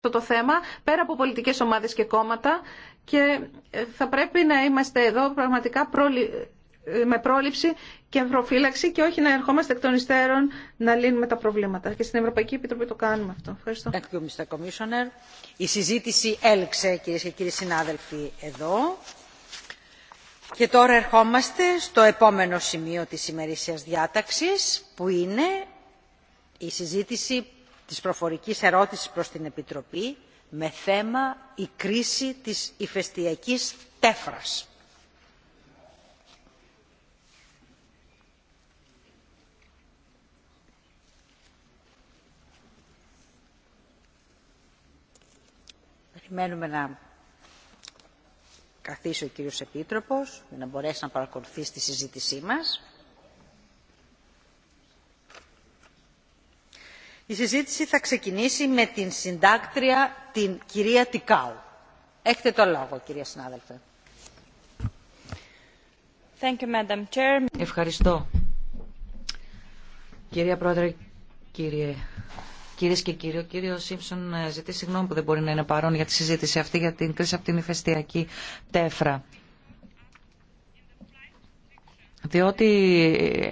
το θέμα, πέρα από πολιτικές ομάδες και κόμματα και ε, θα πρέπει να είμαστε εδώ πραγματικά ε, με πρόληψη και προφύλαξη και όχι να ερχόμαστε εκ των υστέρων να λύνουμε τα προβλήματα. Και στην Ευρωπαϊκή Επιτροπή το κάνουμε αυτό. Ευχαριστώ. Η συζήτηση έλξε κυρίες και κύριοι συνάδελφοι εδώ. Και τώρα ερχόμαστε στο επόμενο σημείο της ημερήσιας διάταξης που είναι η συζήτηση της προφορικής ερώτησης προς την Επιτροπή με θέμα η κρίση της ηφαιστειακής τέφρας. Περιμένουμε να καθίσει ο κύριος Επίτροπος για να μπορέσει να παρακολουθήσει τη συζήτησή μας. Η συζήτηση θα ξεκινήσει με την συντάκτρια, την κυρία Τικάου. Έχετε το λόγο, κυρία συνάδελφε. Ευχαριστώ. Κυρία Πρόεδρε, κύριε Κυρίε και κύριοι, ο κύριο Σίμψον ε, ζητεί συγγνώμη που δεν μπορεί να είναι παρόν για τη συζήτηση αυτή για την κρίση από την ηφαιστειακή τέφρα διότι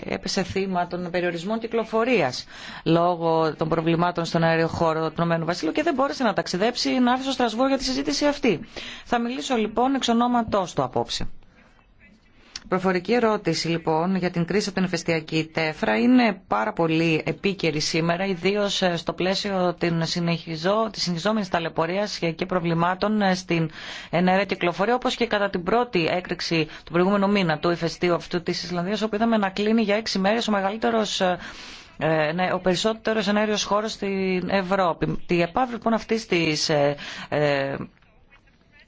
έπεσε θύμα των περιορισμών κυκλοφορίας λόγω των προβλημάτων στον χώρο του Νομένου Βασίλειου και δεν μπόρεσε να ταξιδέψει να έρθει στο Στρασβούργο για τη συζήτηση αυτή. Θα μιλήσω λοιπόν εξ ονόματός του απόψε. Προφορική ερώτηση λοιπόν για την κρίση από την εφεστιακή τέφρα είναι πάρα πολύ επίκαιρη σήμερα, ιδίω ε, στο πλαίσιο τη συνεχιζό, της συνεχιζόμενης ταλαιπωρίας και προβλημάτων ε, στην ενέργεια κυκλοφορία, όπως και κατά την πρώτη έκρηξη του προηγούμενου μήνα του ηφαιστείου αυτού της Ισλανδίας, όπου είδαμε να κλείνει για έξι μέρες ο μεγαλύτερος ε, ναι, ο περισσότερο ενέργειος χώρο στην Ευρώπη. Τη επαύρη λοιπόν αυτή τη ε,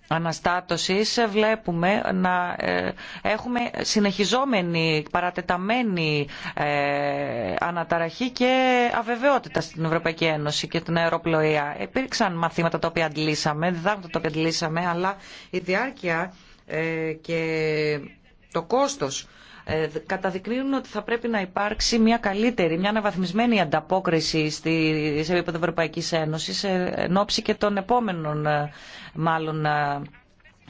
αναστάτωσης βλέπουμε να ε, έχουμε συνεχιζόμενη παρατεταμένη ε, αναταραχή και αβεβαιότητα στην Ευρωπαϊκή Ένωση και την αεροπλοεία. Υπήρξαν μαθήματα τα οποία αντλήσαμε, διδάγματα τα οποία αντλήσαμε, αλλά η διάρκεια ε, και το κόστος ε, καταδεικνύουν ότι θα πρέπει να υπάρξει μια καλύτερη, μια αναβαθμισμένη ανταπόκριση στη, σε επίπεδο Ευρωπαϊκής Ένωσης ε, εν ώψη και των επόμενων ε, μάλλον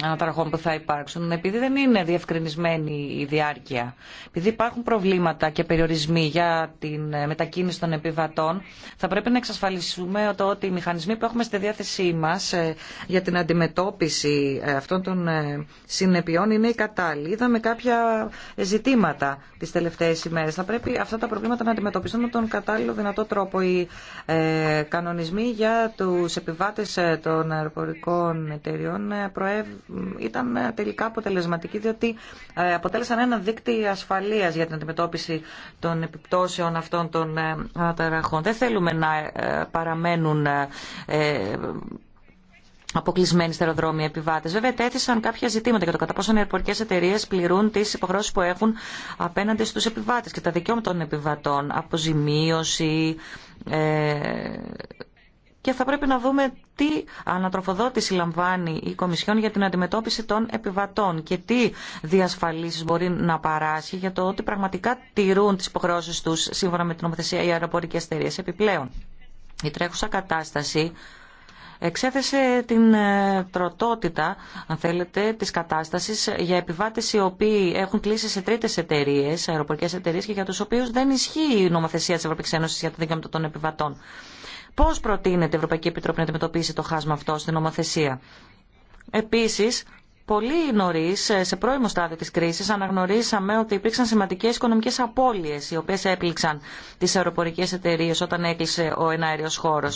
αναταραχών που θα υπάρξουν, επειδή δεν είναι διευκρινισμένη η διάρκεια, επειδή υπάρχουν προβλήματα και περιορισμοί για την ε, μετακίνηση των επιβατών, θα πρέπει να εξασφαλίσουμε ότι οι μηχανισμοί που έχουμε στη διάθεσή μας ε, για την αντιμετώπιση ε, αυτών των συνεπειών είναι οι κατάλληλοι. Είδαμε κάποια ζητήματα τις τελευταίες ημέρες. Θα πρέπει αυτά τα προβλήματα να αντιμετωπιστούν με τον κατάλληλο δυνατό τρόπο. Οι κανονισμοί για τους επιβάτες των αεροπορικών εταιριών προέβη ήταν ε, τελικά αποτελεσματική, διότι ε, αποτέλεσαν ένα δίκτυο ασφαλείας για την αντιμετώπιση των επιπτώσεων αυτών των ε, ταραχών. Δεν θέλουμε να παραμένουν αποκλεισμένοι στα αεροδρόμια επιβάτε. Βέβαια, τέθησαν κάποια ζητήματα για το κατά πόσο οι αεροπορικέ εταιρείε πληρούν τι υποχρεώσει που έχουν απέναντι στου επιβάτε και τα δικαιώματα των επιβατών. Αποζημίωση, και θα πρέπει να δούμε τι ανατροφοδότηση λαμβάνει η Κομισιόν για την αντιμετώπιση των επιβατών και τι διασφαλίσεις μπορεί να παράσχει για το ότι πραγματικά τηρούν τις υποχρεώσεις τους σύμφωνα με την νομοθεσία οι αεροπορικές εταιρείε. Επιπλέον, η τρέχουσα κατάσταση εξέθεσε την ε, τροτότητα, αν θέλετε, της κατάστασης για επιβάτες οι οποίοι έχουν κλείσει σε τρίτες εταιρείες, αεροπορικές εταιρείες και για τους οποίους δεν ισχύει η νομοθεσία της Ευρωπαϊκής Ένωσης για τα δικαιώματα των επιβατών. Πώς προτείνεται η Ευρωπαϊκή Επιτροπή να αντιμετωπίσει το χάσμα αυτό στην νομοθεσία. Επίσης, πολύ νωρί, ε, σε πρώιμο στάδιο τη κρίση, αναγνωρίσαμε ότι υπήρξαν σημαντικέ οικονομικέ απώλειε, οι οποίε έπληξαν τι αεροπορικέ εταιρείε όταν έκλεισε ο εναέριο χώρο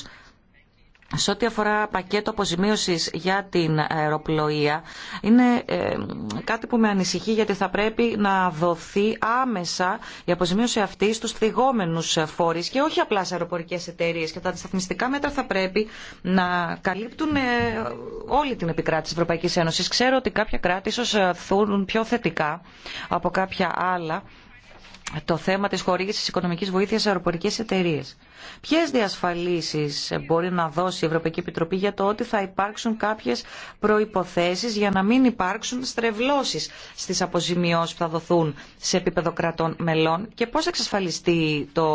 σε ό,τι αφορά πακέτο αποζημίωση για την αεροπλοεία, είναι ε, κάτι που με ανησυχεί γιατί θα πρέπει να δοθεί άμεσα η αποζημίωση αυτή στους θυγόμενου φόρεις και όχι απλά σε αεροπορικές εταιρείες. Και τα αντισταθμιστικά μέτρα θα πρέπει να καλύπτουν ε, όλη την επικράτηση της Ευρωπαϊκής Ένωσης. Ξέρω ότι κάποια κράτη ίσω ε, θούν πιο θετικά από κάποια άλλα το θέμα της χορήγησης οικονομικής βοήθειας σε αεροπορικές εταιρείες. Ποιες διασφαλίσεις μπορεί να δώσει η Ευρωπαϊκή Επιτροπή για το ότι θα υπάρξουν κάποιες προϋποθέσεις για να μην υπάρξουν στρεβλώσεις στις αποζημιώσεις που θα δοθούν σε επίπεδο κρατών μελών και πώς θα εξασφαλιστεί το...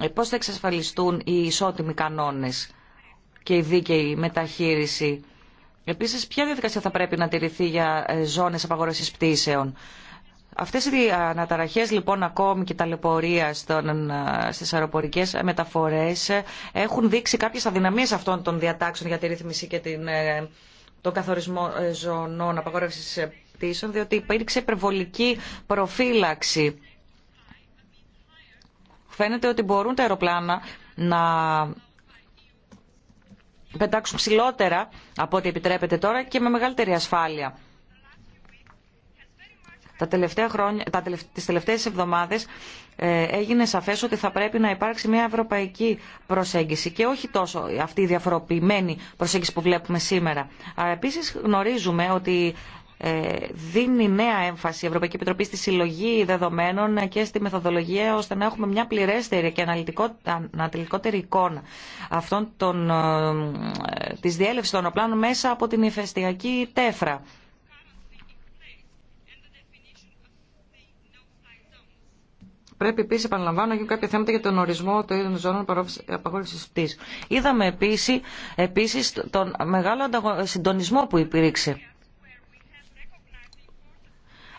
Ε, πώς θα εξασφαλιστούν οι ισότιμοι κανόνες και η δίκαιη μεταχείριση. Επίσης, ποια διαδικασία θα πρέπει να τηρηθεί για ε, ζώνες απαγόρευσης πτήσεων Αυτές οι αναταραχές λοιπόν ακόμη και τα λεπορία ε, στις αεροπορικές μεταφορές ε, έχουν δείξει κάποιες αδυναμίες αυτών των διατάξεων για τη ρύθμιση και την, ε, τον καθορισμό ζωνών απαγόρευσης πτήσεων διότι υπήρξε υπερβολική προφύλαξη. Φαίνεται ότι μπορούν τα αεροπλάνα να πετάξουν ψηλότερα από ό,τι επιτρέπεται τώρα και με μεγαλύτερη ασφάλεια. Τα τελευταία χρόνια, τα τις τελευταίες εβδομάδες ε, έγινε σαφές ότι θα πρέπει να υπάρξει μια ευρωπαϊκή προσέγγιση και όχι τόσο αυτή η διαφοροποιημένη προσέγγιση που βλέπουμε σήμερα. Επίσης γνωρίζουμε ότι ε, δίνει νέα έμφαση η Ευρωπαϊκή Επιτροπή στη συλλογή δεδομένων και στη μεθοδολογία ώστε να έχουμε μια πληρέστερη και αναλυτικότερη εικόνα αυτών των, ε, της διέλευσης των οπλάνων μέσα από την ηφαιστιακή τέφρα. Πρέπει επίση, επαναλαμβάνω, να γίνουν κάποια θέματα για τον ορισμό των ίδιων ζώνων απαγόρευση πτήση. Είδαμε επίση επίσης, τον μεγάλο συντονισμό που υπήρξε.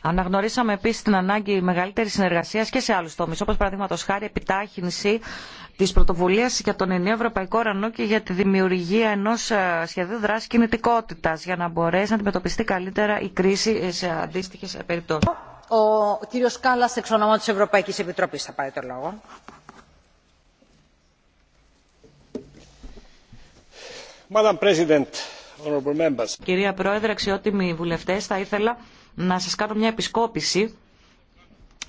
Αναγνωρίσαμε επίση την ανάγκη μεγαλύτερη συνεργασία και σε άλλου τομεί, όπω παραδείγματο χάρη επιτάχυνση τη πρωτοβουλία για τον ενιαίο ευρωπαϊκό ουρανό και για τη δημιουργία ενό ε, σχεδίου δράση κινητικότητα, για να μπορέσει να αντιμετωπιστεί καλύτερα η κρίση ε, σε αντίστοιχε περιπτώσει. Ο κύριος Κάλλας, Ευρωπαϊκής Επιτροπής, θα πάρει το λόγο. Madam President, members. Κυρία Πρόεδρε, αξιότιμοι βουλευτές, θα ήθελα να σας κάνω μια επισκόπηση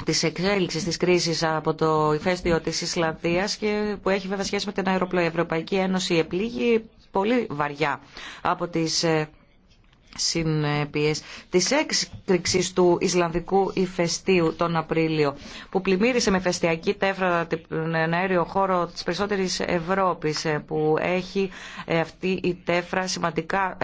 της εξέλιξης της κρίσης από το ηφαίστειο της Ισλανδίας και που έχει βέβαια σχέση με την Ευρωπαϊκή Ένωση επλήγει πολύ βαριά από τις ε, συνέπειες της έκρηξης του Ισλανδικού ηφαιστείου τον Απρίλιο που πλημμύρισε με φεστιακή τέφρα τον ε, αέριο χώρο της περισσότερης Ευρώπης ε, που έχει ε, αυτή η τέφρα σημαντικά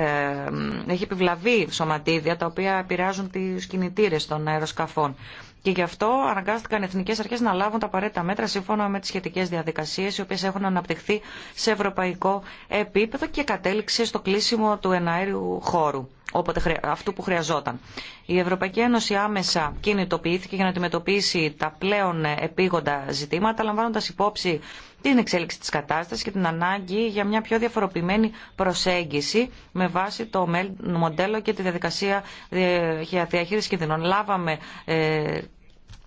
έχει επιβλαβεί σωματίδια τα οποία επηρεάζουν τις κινητήρες των αεροσκαφών. Και γι' αυτό αναγκάστηκαν οι εθνικέ αρχέ να λάβουν τα απαραίτητα μέτρα σύμφωνα με τι σχετικέ διαδικασίε, οι οποίε έχουν αναπτυχθεί σε ευρωπαϊκό επίπεδο και κατέληξε στο κλείσιμο του εναέριου χώρου όποτε αυτού που χρειαζόταν. Η Ευρωπαϊκή Ένωση άμεσα κινητοποιήθηκε για να αντιμετωπίσει τα πλέον επίγοντα ζητήματα, λαμβάνοντα υπόψη την εξέλιξη της κατάστασης και την ανάγκη για μια πιο διαφοροποιημένη προσέγγιση με βάση το μοντέλο και τη διαδικασία για διαχείριση κινδυνών. Λάβαμε ε,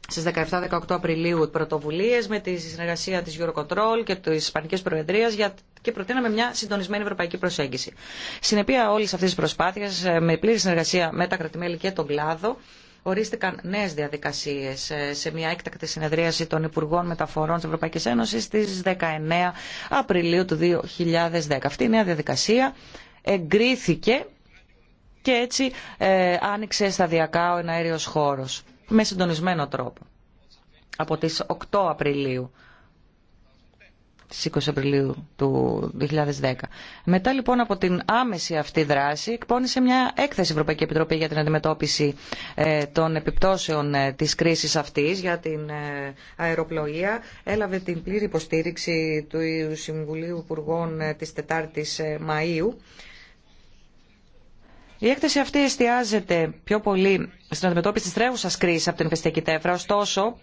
στις 17-18 Απριλίου πρωτοβουλίες με τη συνεργασία της Eurocontrol και της Ισπανικής Προεδρίας για και προτείναμε μια συντονισμένη ευρωπαϊκή προσέγγιση. Συνεπία όλη αυτή τη προσπάθεια, ε, με πλήρη συνεργασία με τα κρατημέλη και τον κλάδο, ορίστηκαν νέε διαδικασίε ε, σε μια έκτακτη συνεδρίαση των Υπουργών Μεταφορών τη Ευρωπαϊκή Ένωση στι 19 Απριλίου του 2010. Αυτή η νέα διαδικασία εγκρίθηκε και έτσι ε, άνοιξε σταδιακά ο εναέριος χώρος με συντονισμένο τρόπο από τις 8 Απριλίου στις 20 Απριλίου του 2010. Μετά λοιπόν από την άμεση αυτή δράση εκπώνησε μια έκθεση η Ευρωπαϊκή Επιτροπή για την αντιμετώπιση ε, των επιπτώσεων ε, της κρίσης αυτής για την ε, αεροπλοεία. Έλαβε την πλήρη υποστήριξη του Συμβουλίου Υπουργών της 4ης Μαΐου. Η έκθεση αυτή εστιάζεται πιο πολύ στην αντιμετώπιση της τρέχουσα κρίση από την Πεστιακή τέφρα, ωστόσο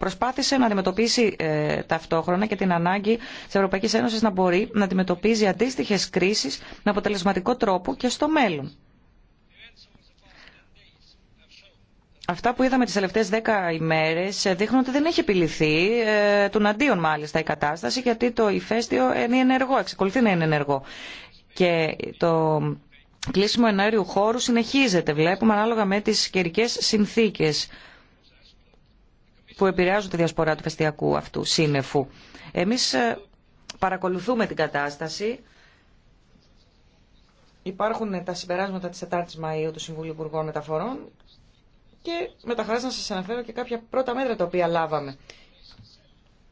προσπάθησε να αντιμετωπίσει ε, ταυτόχρονα και την ανάγκη τη Ευρωπαϊκή Ένωση να μπορεί να αντιμετωπίζει αντίστοιχε κρίσει με αποτελεσματικό τρόπο και στο μέλλον. Αυτά που είδαμε τις τελευταίες δέκα ημέρες ε, δείχνουν ότι δεν έχει επιληθεί, ε, του αντίον μάλιστα η κατάσταση, γιατί το ηφαίστειο είναι ενεργό, εξακολουθεί να είναι ενεργό. Και το κλείσιμο ενέργειου χώρου συνεχίζεται, βλέπουμε, ανάλογα με τις καιρικέ συνθήκες που επηρεάζουν τη διασπορά του φεστιακού αυτού σύννεφου. Εμείς ε, παρακολουθούμε την κατάσταση. Υπάρχουν ε, τα συμπεράσματα της 4ης Μαΐου του Συμβουλίου Υπουργών Μεταφορών και με τα χαράς να σας αναφέρω και κάποια πρώτα μέτρα τα οποία λάβαμε.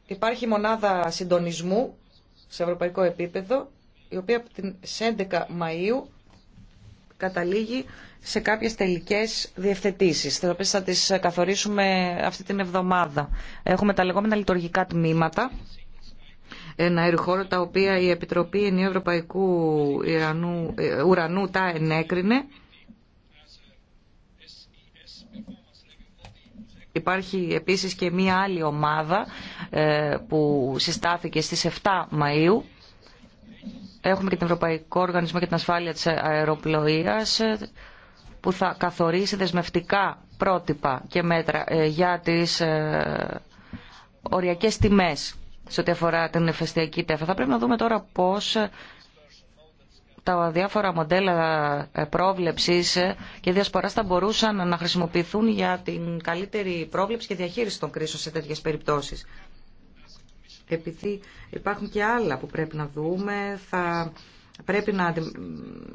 Υπάρχει μονάδα συντονισμού σε ευρωπαϊκό επίπεδο, η οποία από την 11 Μαΐου καταλήγει σε κάποιες τελικές διευθετήσεις, τις οποίες θα τις καθορίσουμε αυτή την εβδομάδα. Έχουμε τα λεγόμενα λειτουργικά τμήματα, ένα αεροχώρο τα οποία η Επιτροπή Ενίου Ευρωπαϊκού Ουρανού, ε, Ουρανού τα ενέκρινε. Υπάρχει επίσης και μία άλλη ομάδα ε, που συστάθηκε στις 7 Μαΐου Έχουμε και τον Ευρωπαϊκό Οργανισμό για την Ασφάλεια της Αεροπλοείας που θα καθορίσει δεσμευτικά πρότυπα και μέτρα ε, για τις ε, οριακές τιμές σε ό,τι αφορά την εφεστιακή τέφα. Θα πρέπει να δούμε τώρα πώς τα διάφορα μοντέλα ε, πρόβλεψης και διασποράς θα μπορούσαν να χρησιμοποιηθούν για την καλύτερη πρόβλεψη και διαχείριση των κρίσεων σε τέτοιες περιπτώσεις επειδή υπάρχουν και άλλα που πρέπει να δούμε, θα πρέπει να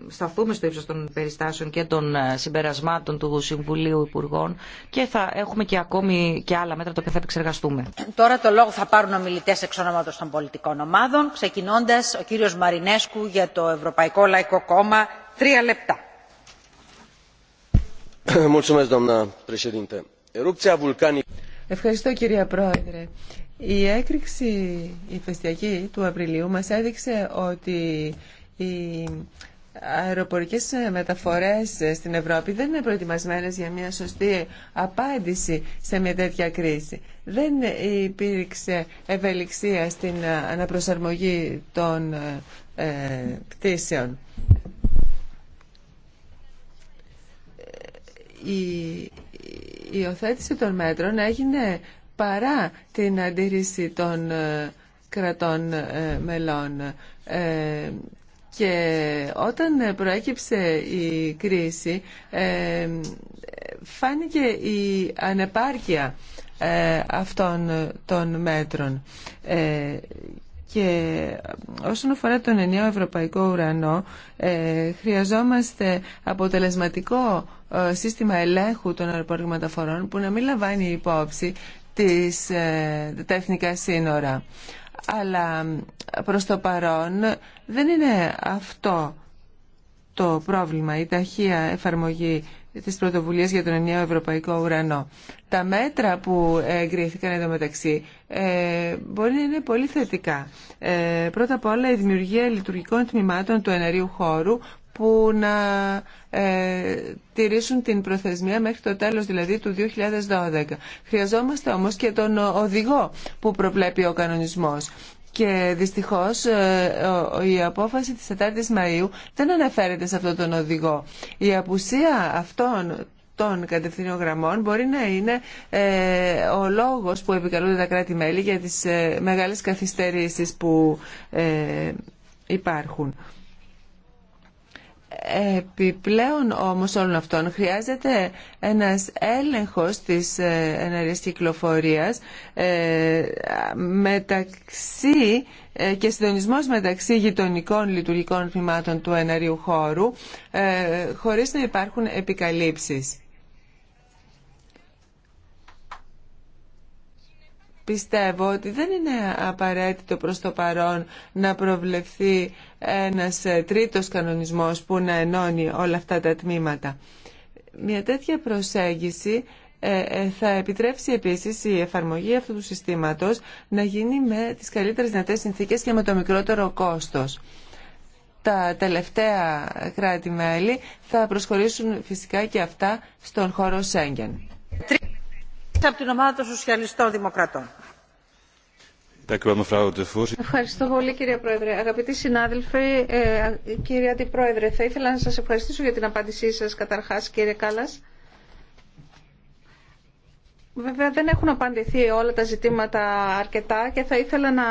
σταθούμε στο ύψος των περιστάσεων και των ε, συμπερασμάτων του Συμβουλίου Υπουργών και θα έχουμε και ακόμη και άλλα μέτρα τα οποία θα επεξεργαστούμε. Τώρα το λόγο θα πάρουν ομιλητές εξ ονόματος των πολιτικών ομάδων, ξεκινώντας ο κύριος Μαρινέσκου για το Ευρωπαϊκό Λαϊκό Κόμμα, τρία λεπτά. Ευχαριστώ κυρία Πρόεδρε. Η έκρηξη ηφαιστειακή του Απριλίου μας έδειξε ότι οι αεροπορικές μεταφορές στην Ευρώπη δεν είναι προετοιμασμένες για μια σωστή απάντηση σε μια τέτοια κρίση. Δεν υπήρξε ευελιξία στην αναπροσαρμογή των ε, πτήσεων. Η, η υιοθέτηση των μέτρων έγινε παρά την αντίρρηση των ε, κρατών ε, μελών. Ε, και όταν προέκυψε η κρίση φάνηκε η ανεπάρκεια αυτών των μέτρων. Και όσον αφορά τον ενιαίο ευρωπαϊκό ουρανό, χρειαζόμαστε αποτελεσματικό σύστημα ελέγχου των αεροπορικών μεταφορών που να μην λαμβάνει υπόψη ε, τα εθνικά σύνορα. Αλλά ε, προς το παρόν δεν είναι αυτό το πρόβλημα, η ταχεία εφαρμογή της πρωτοβουλίας για τον ενιαίο ευρωπαϊκό ουρανό. Τα μέτρα που εγκρίθηκαν εδώ μεταξύ ε, μπορεί να είναι πολύ θετικά. Ε, πρώτα απ' όλα η δημιουργία λειτουργικών τμήματων του εναρίου χώρου που να ε, τηρήσουν την προθεσμία μέχρι το τέλος δηλαδή του 2012. Χρειαζόμαστε όμως και τον οδηγό που προβλέπει ο κανονισμός. Και δυστυχώς ε, η απόφαση της 4ης Μαΐου δεν αναφέρεται σε αυτόν τον οδηγό. Η απουσία αυτών των κατευθύνων γραμμών μπορεί να είναι ε, ο λόγος που επικαλούνται τα κράτη-μέλη για τις ε, μεγάλες καθυστερήσεις που ε, υπάρχουν. Επιπλέον όμως όλων αυτών χρειάζεται ένας έλεγχος της ε, ενέργειας κυκλοφορίας ε, μεταξύ ε, και συντονισμός μεταξύ γειτονικών λειτουργικών θυμάτων του εναρίου χώρου χωρίς να υπάρχουν επικαλύψεις. πιστεύω ότι δεν είναι απαραίτητο προς το παρόν να προβλεφθεί ένας ε, τρίτος κανονισμός που να ενώνει όλα αυτά τα τμήματα. Μια τέτοια προσέγγιση ε, ε, θα επιτρέψει επίσης η εφαρμογή αυτού του συστήματος να γίνει με τις καλύτερες δυνατές συνθήκες και με το μικρότερο κόστος. Τα τελευταία κράτη-μέλη θα προσχωρήσουν φυσικά και αυτά στον χώρο Σέγγεν από την ομάδα των Σοσιαλιστών Δημοκρατών. Ευχαριστώ πολύ κύριε Πρόεδρε. Αγαπητοί συνάδελφοι, ε, κύριε Αντιπρόεδρε, θα ήθελα να σας ευχαριστήσω για την απάντησή σας καταρχάς κύριε Κάλας. Βέβαια δεν έχουν απαντηθεί όλα τα ζητήματα αρκετά και θα ήθελα να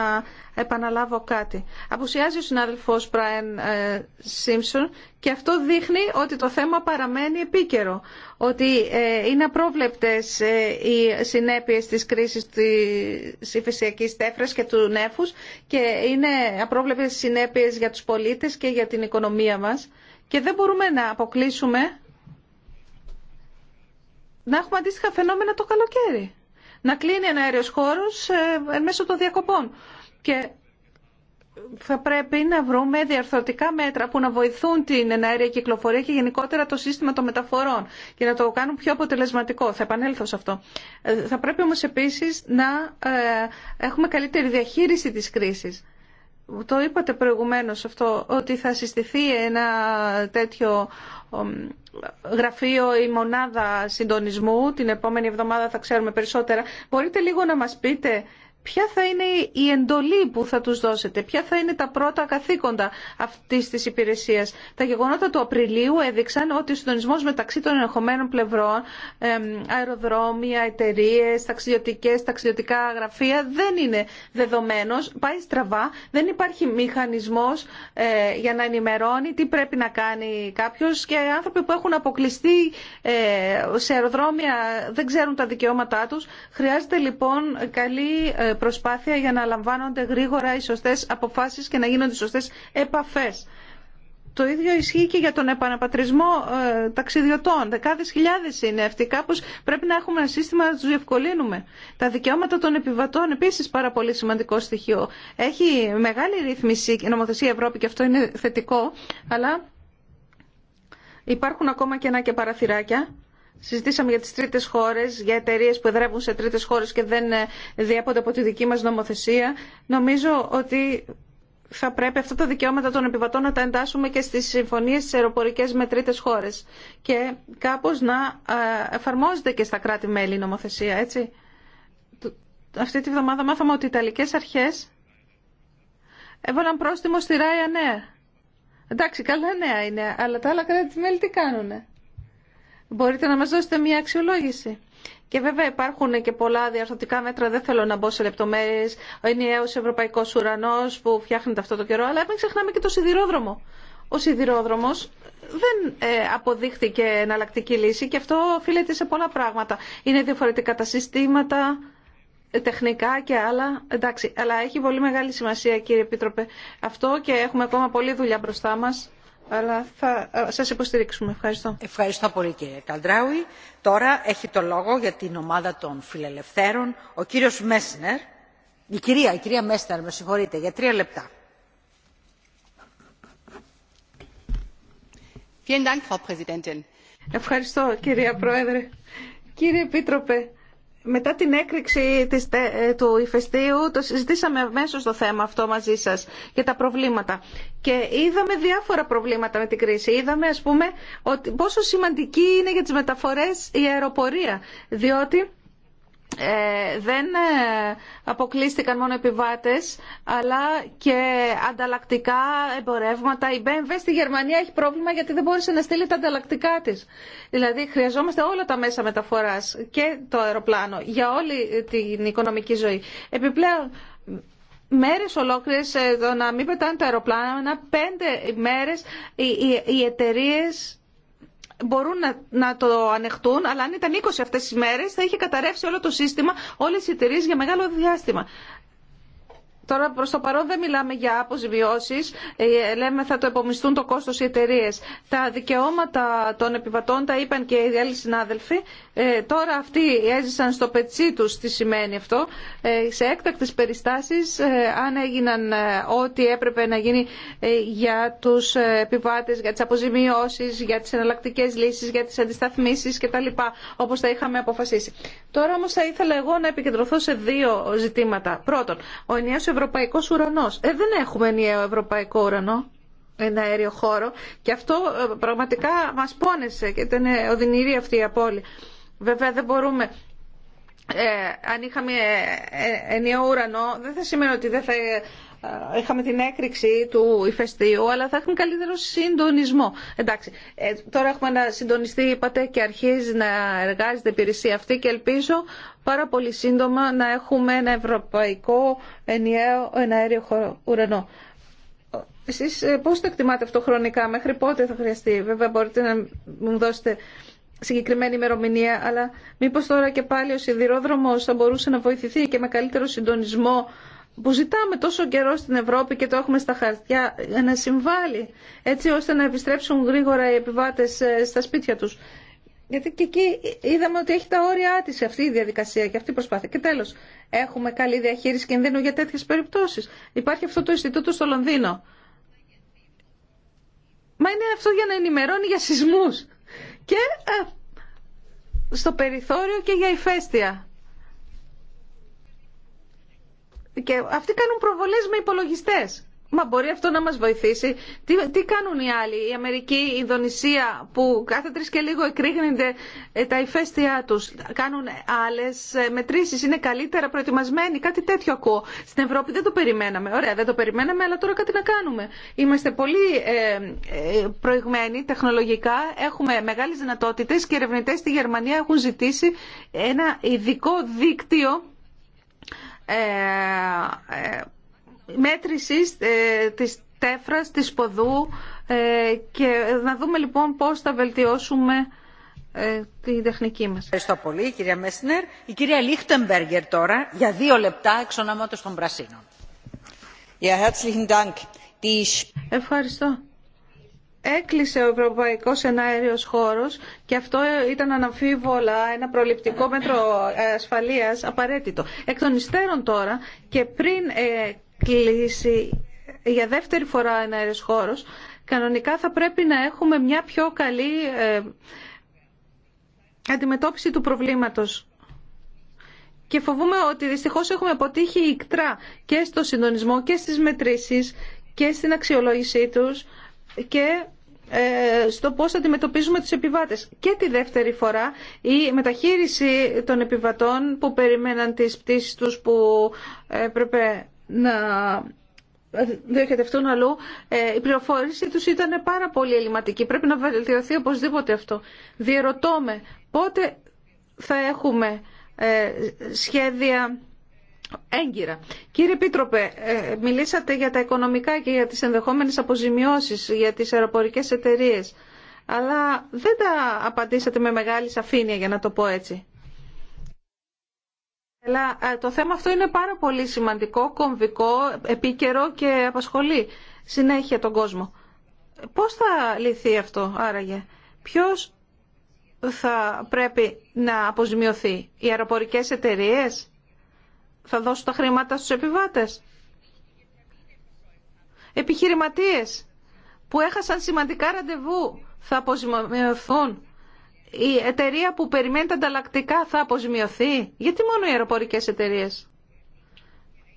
επαναλάβω κάτι. Απουσιάζει ο συνάδελφος Brian ε, Simpson και αυτό δείχνει ότι το θέμα παραμένει επίκαιρο. Ότι ε, είναι απρόβλεπτες ε, οι συνέπειες της κρίσης της υφησιακής τέφρας και του νέφους και είναι απρόβλεπτες συνέπειες για τους πολίτες και για την οικονομία μας και δεν μπορούμε να αποκλείσουμε να έχουμε αντίστοιχα φαινόμενα το καλοκαίρι. Να κλείνει ένα αέριος χώρος ε, εν μέσω των διακοπών. Και θα πρέπει να βρούμε διαρθρωτικά μέτρα που να βοηθούν την εναέρια κυκλοφορία και γενικότερα το σύστημα των μεταφορών και να το κάνουν πιο αποτελεσματικό. Θα επανέλθω σε αυτό. Ε, θα πρέπει όμως επίσης να ε, έχουμε καλύτερη διαχείριση της κρίσης. Το είπατε προηγουμένως αυτό, ότι θα συστηθεί ένα τέτοιο γραφείο ή μονάδα συντονισμού, την επόμενη εβδομάδα θα ξέρουμε περισσότερα. Μπορείτε λίγο να μας πείτε Ποια θα είναι η εντολή που θα τους δώσετε, ποια θα είναι τα πρώτα καθήκοντα αυτής της υπηρεσίας. Τα γεγονότα του Απριλίου έδειξαν ότι ο συντονισμός μεταξύ των ενεχομένων πλευρών, αεροδρόμια, εταιρείε, ταξιδιωτικές, ταξιδιωτικά γραφεία δεν είναι δεδομένος, πάει στραβά, δεν υπάρχει μηχανισμός ε, για να ενημερώνει τι πρέπει να κάνει κάποιος και οι άνθρωποι που έχουν αποκλειστεί ε, σε αεροδρόμια δεν ξέρουν τα δικαιώματά τους. Χρειάζεται λοιπόν καλή ε, προσπάθεια για να λαμβάνονται γρήγορα οι σωστές αποφάσεις και να γίνονται οι σωστές επαφές. Το ίδιο ισχύει και για τον επαναπατρισμό ε, ταξιδιωτών. Δεκάδες χιλιάδες είναι αυτοί. Κάπως πρέπει να έχουμε ένα σύστημα να τους διευκολύνουμε. Τα δικαιώματα των επιβατών επίσης πάρα πολύ σημαντικό στοιχείο. Έχει μεγάλη ρύθμιση η νομοθεσία Ευρώπη και αυτό είναι θετικό, αλλά υπάρχουν ακόμα κενά και παραθυράκια Συζητήσαμε για τι τρίτε χώρε για εταιρείε που εδρεύουν σε τρίτες χώρε και δεν ε, διέπονται από τη δική μα νομοθεσία. Νομίζω ότι θα πρέπει αυτά τα δικαιώματα των επιβατών να τα εντάσσουμε και στι συμφωνίε τι αεροπορικέ με τρίτε χώρε. και κάπω να ε, εφαρμόζεται και στα κράτη-μέλη η νομοθεσία, έτσι. Αυτή τη βδομάδα μάθαμε ότι οι Ιταλικέ αρχέ έβαλαν πρόστιμο στη Ράια Νέα. Εντάξει, καλά νέα είναι, αλλά τα άλλα κράτη-μέλη τι κάνουνε. Μπορείτε να μας δώσετε μια αξιολόγηση. Και βέβαια υπάρχουν και πολλά διαρθωτικά μέτρα, δεν θέλω να μπω σε λεπτομέρειε. Ο ενιαίο Ευρωπαϊκό Ουρανό που φτιάχνεται αυτό το καιρό, αλλά μην ξεχνάμε και το σιδηρόδρομο. Ο σιδηρόδρομο δεν ε, αποδείχθηκε εναλλακτική λύση και αυτό οφείλεται σε πολλά πράγματα. Είναι διαφορετικά τα συστήματα, ε, τεχνικά και άλλα. Εντάξει, αλλά έχει πολύ μεγάλη σημασία, κύριε Επίτροπε, αυτό και έχουμε ακόμα πολλή δουλειά μπροστά μα αλλά θα ε, σας υποστηρίξουμε. Ευχαριστώ. Ευχαριστώ πολύ κύριε Καλντράουι. Τώρα έχει το λόγο για την ομάδα των φιλελευθέρων ο κύριος Μέσνερ. Η κυρία, η κυρία Μέσνερ, με συγχωρείτε, για τρία λεπτά. Ευχαριστώ κυρία Πρόεδρε. Κύριε Επίτροπε, μετά την έκρηξη ε, του ηφαιστείου το συζητήσαμε αμέσω το θέμα αυτό μαζί σας και τα προβλήματα. Και είδαμε διάφορα προβλήματα με την κρίση. Είδαμε ας πούμε ότι πόσο σημαντική είναι για τις μεταφορές η αεροπορία. Διότι ε, δεν ε, αποκλείστηκαν μόνο επιβάτες αλλά και ανταλλακτικά εμπορεύματα. Η BMW στη Γερμανία έχει πρόβλημα γιατί δεν μπόρεσε να στείλει τα ανταλλακτικά της. Δηλαδή χρειαζόμαστε όλα τα μέσα μεταφοράς και το αεροπλάνο για όλη την οικονομική ζωή. Επιπλέον μέρε ολόκληρε ε, να μην πετάνε τα αεροπλάνα, πέντε μέρε οι, οι, οι εταιρείε μπορούν να, το ανεχτούν, αλλά αν ήταν 20 αυτές τις μέρες θα είχε καταρρεύσει όλο το σύστημα, όλες οι εταιρείε για μεγάλο διάστημα. Τώρα προς το παρόν δεν μιλάμε για αποζημιώσεις, ε, λέμε θα το επομιστούν το κόστος οι εταιρείε. Τα δικαιώματα των επιβατών τα είπαν και οι άλλοι συνάδελφοι. Ε, τώρα αυτοί έζησαν στο πετσί τους τι σημαίνει αυτό. Ε, σε έκτακτες περιστάσεις, ε, αν έγιναν ό,τι έπρεπε να γίνει για τους επιβάτες, για τις αποζημιώσεις, για τις εναλλακτικέ λύσεις, για τις αντισταθμίσεις κτλ. όπως τα είχαμε αποφασίσει. Τώρα όμως θα ήθελα εγώ να επικεντρωθώ σε δύο ζητήματα. Πρώτον, ο ευρωπαϊκό ουρανό. Ε, δεν έχουμε ενιαίο ευρωπαϊκό ουρανό, ένα αέριο χώρο και αυτό ε, πραγματικά μας πόνεσε και ήταν ε, οδυνηρή αυτή η απώλεια. Βέβαια δεν μπορούμε ε, αν είχαμε ε, ενιαίο ουρανό, δεν θα σημαίνει ότι δεν θα ε, είχαμε την έκρηξη του ηφαιστείου, αλλά θα έχουμε καλύτερο συντονισμό. Εντάξει, ε, τώρα έχουμε να συντονιστεί, είπατε, και αρχίζει να εργάζεται η υπηρεσία αυτή και ελπίζω πάρα πολύ σύντομα να έχουμε ένα ευρωπαϊκό ενιαίο εναέριο ουρανό. Εσείς ε, πώς το εκτιμάτε αυτό χρονικά, μέχρι πότε θα χρειαστεί. Βέβαια μπορείτε να μου δώσετε συγκεκριμένη ημερομηνία, αλλά μήπως τώρα και πάλι ο σιδηρόδρομος θα μπορούσε να βοηθηθεί και με καλύτερο συντονισμό που ζητάμε τόσο καιρό στην Ευρώπη και το έχουμε στα χαρτιά να συμβάλλει έτσι ώστε να επιστρέψουν γρήγορα οι επιβάτες ε, στα σπίτια τους. Γιατί και εκεί είδαμε ότι έχει τα όρια τη αυτή η διαδικασία και αυτή η προσπάθεια. Και τέλος, έχουμε καλή διαχείριση κινδύνου για τέτοιες περιπτώσεις. Υπάρχει αυτό το Ινστιτούτο στο Λονδίνο. Μα είναι αυτό για να ενημερώνει για σεισμούς. Και ε, στο περιθώριο και για ηφαίστεια και αυτοί κάνουν προβολές με υπολογιστές. Μα μπορεί αυτό να μας βοηθήσει. Τι, τι κάνουν οι άλλοι, η Αμερική, η Ινδονησία που κάθε τρεις και λίγο εκρήγνεται ε, τα ηφαίστειά τους. Κάνουν άλλες ε, μετρήσεις, είναι καλύτερα προετοιμασμένοι, κάτι τέτοιο ακούω. Στην Ευρώπη δεν το περιμέναμε. Ωραία, δεν το περιμέναμε, αλλά τώρα κάτι να κάνουμε. Είμαστε πολύ ε, ε προηγμένοι τεχνολογικά, έχουμε μεγάλες δυνατότητες και οι ερευνητές στη Γερμανία έχουν ζητήσει ένα ειδικό δίκτυο ε, ε, μέτρησης ε, της τέφρας, της ποδού και να δούμε λοιπόν πώς θα βελτιώσουμε την τεχνική μας. Ευχαριστώ πολύ κυρία Μέσνερ. Η κυρία Λίχτεμπεργκερ τώρα για δύο λεπτά εξ ονόματος των Πρασίνων. Ευχαριστώ έκλεισε ο Ευρωπαϊκός Εναέριος Χώρος και αυτό ήταν αναμφίβολα ένα προληπτικό μέτρο ασφαλείας απαραίτητο. Εκ των υστέρων τώρα και πριν ε, κλείσει για δεύτερη φορά εναέριος χώρος, κανονικά θα πρέπει να έχουμε μια πιο καλή ε, αντιμετώπιση του προβλήματος. Και φοβούμε ότι δυστυχώς έχουμε αποτύχει ικτρά και στο συντονισμό και στις μετρήσεις και στην αξιολόγησή τους και ε, στο πώς αντιμετωπίζουμε τους επιβάτες. Και τη δεύτερη φορά η μεταχείριση των επιβατών που περιμέναν τις πτήσεις τους που ε, έπρεπε να διοχετευτούν αλλού, ε, η πληροφόρηση τους ήταν πάρα πολύ ελληματική. Πρέπει να βελτιωθεί οπωσδήποτε αυτό. Διερωτώ με πότε θα έχουμε σχέδια έγκυρα. Κύριε Πίτροπε, ε, μιλήσατε για τα οικονομικά και για τις ενδεχόμενες αποζημιώσεις για τις αεροπορικές εταιρείες, αλλά δεν τα απαντήσατε με μεγάλη σαφήνεια για να το πω έτσι. Αλλά ε, το θέμα αυτό είναι πάρα πολύ σημαντικό, κομβικό, επίκαιρο και απασχολεί συνέχεια τον κόσμο. Πώς θα λυθεί αυτό άραγε, ποιος θα πρέπει να αποζημιωθεί, οι αεροπορικές εταιρείες, θα δώσουν τα χρήματα στους επιβάτες. Επιχειρηματίες που έχασαν σημαντικά ραντεβού θα αποζημιωθούν. Η εταιρεία που περιμένει τα ανταλλακτικά θα αποζημιωθεί. Γιατί μόνο οι αεροπορικές εταιρείες.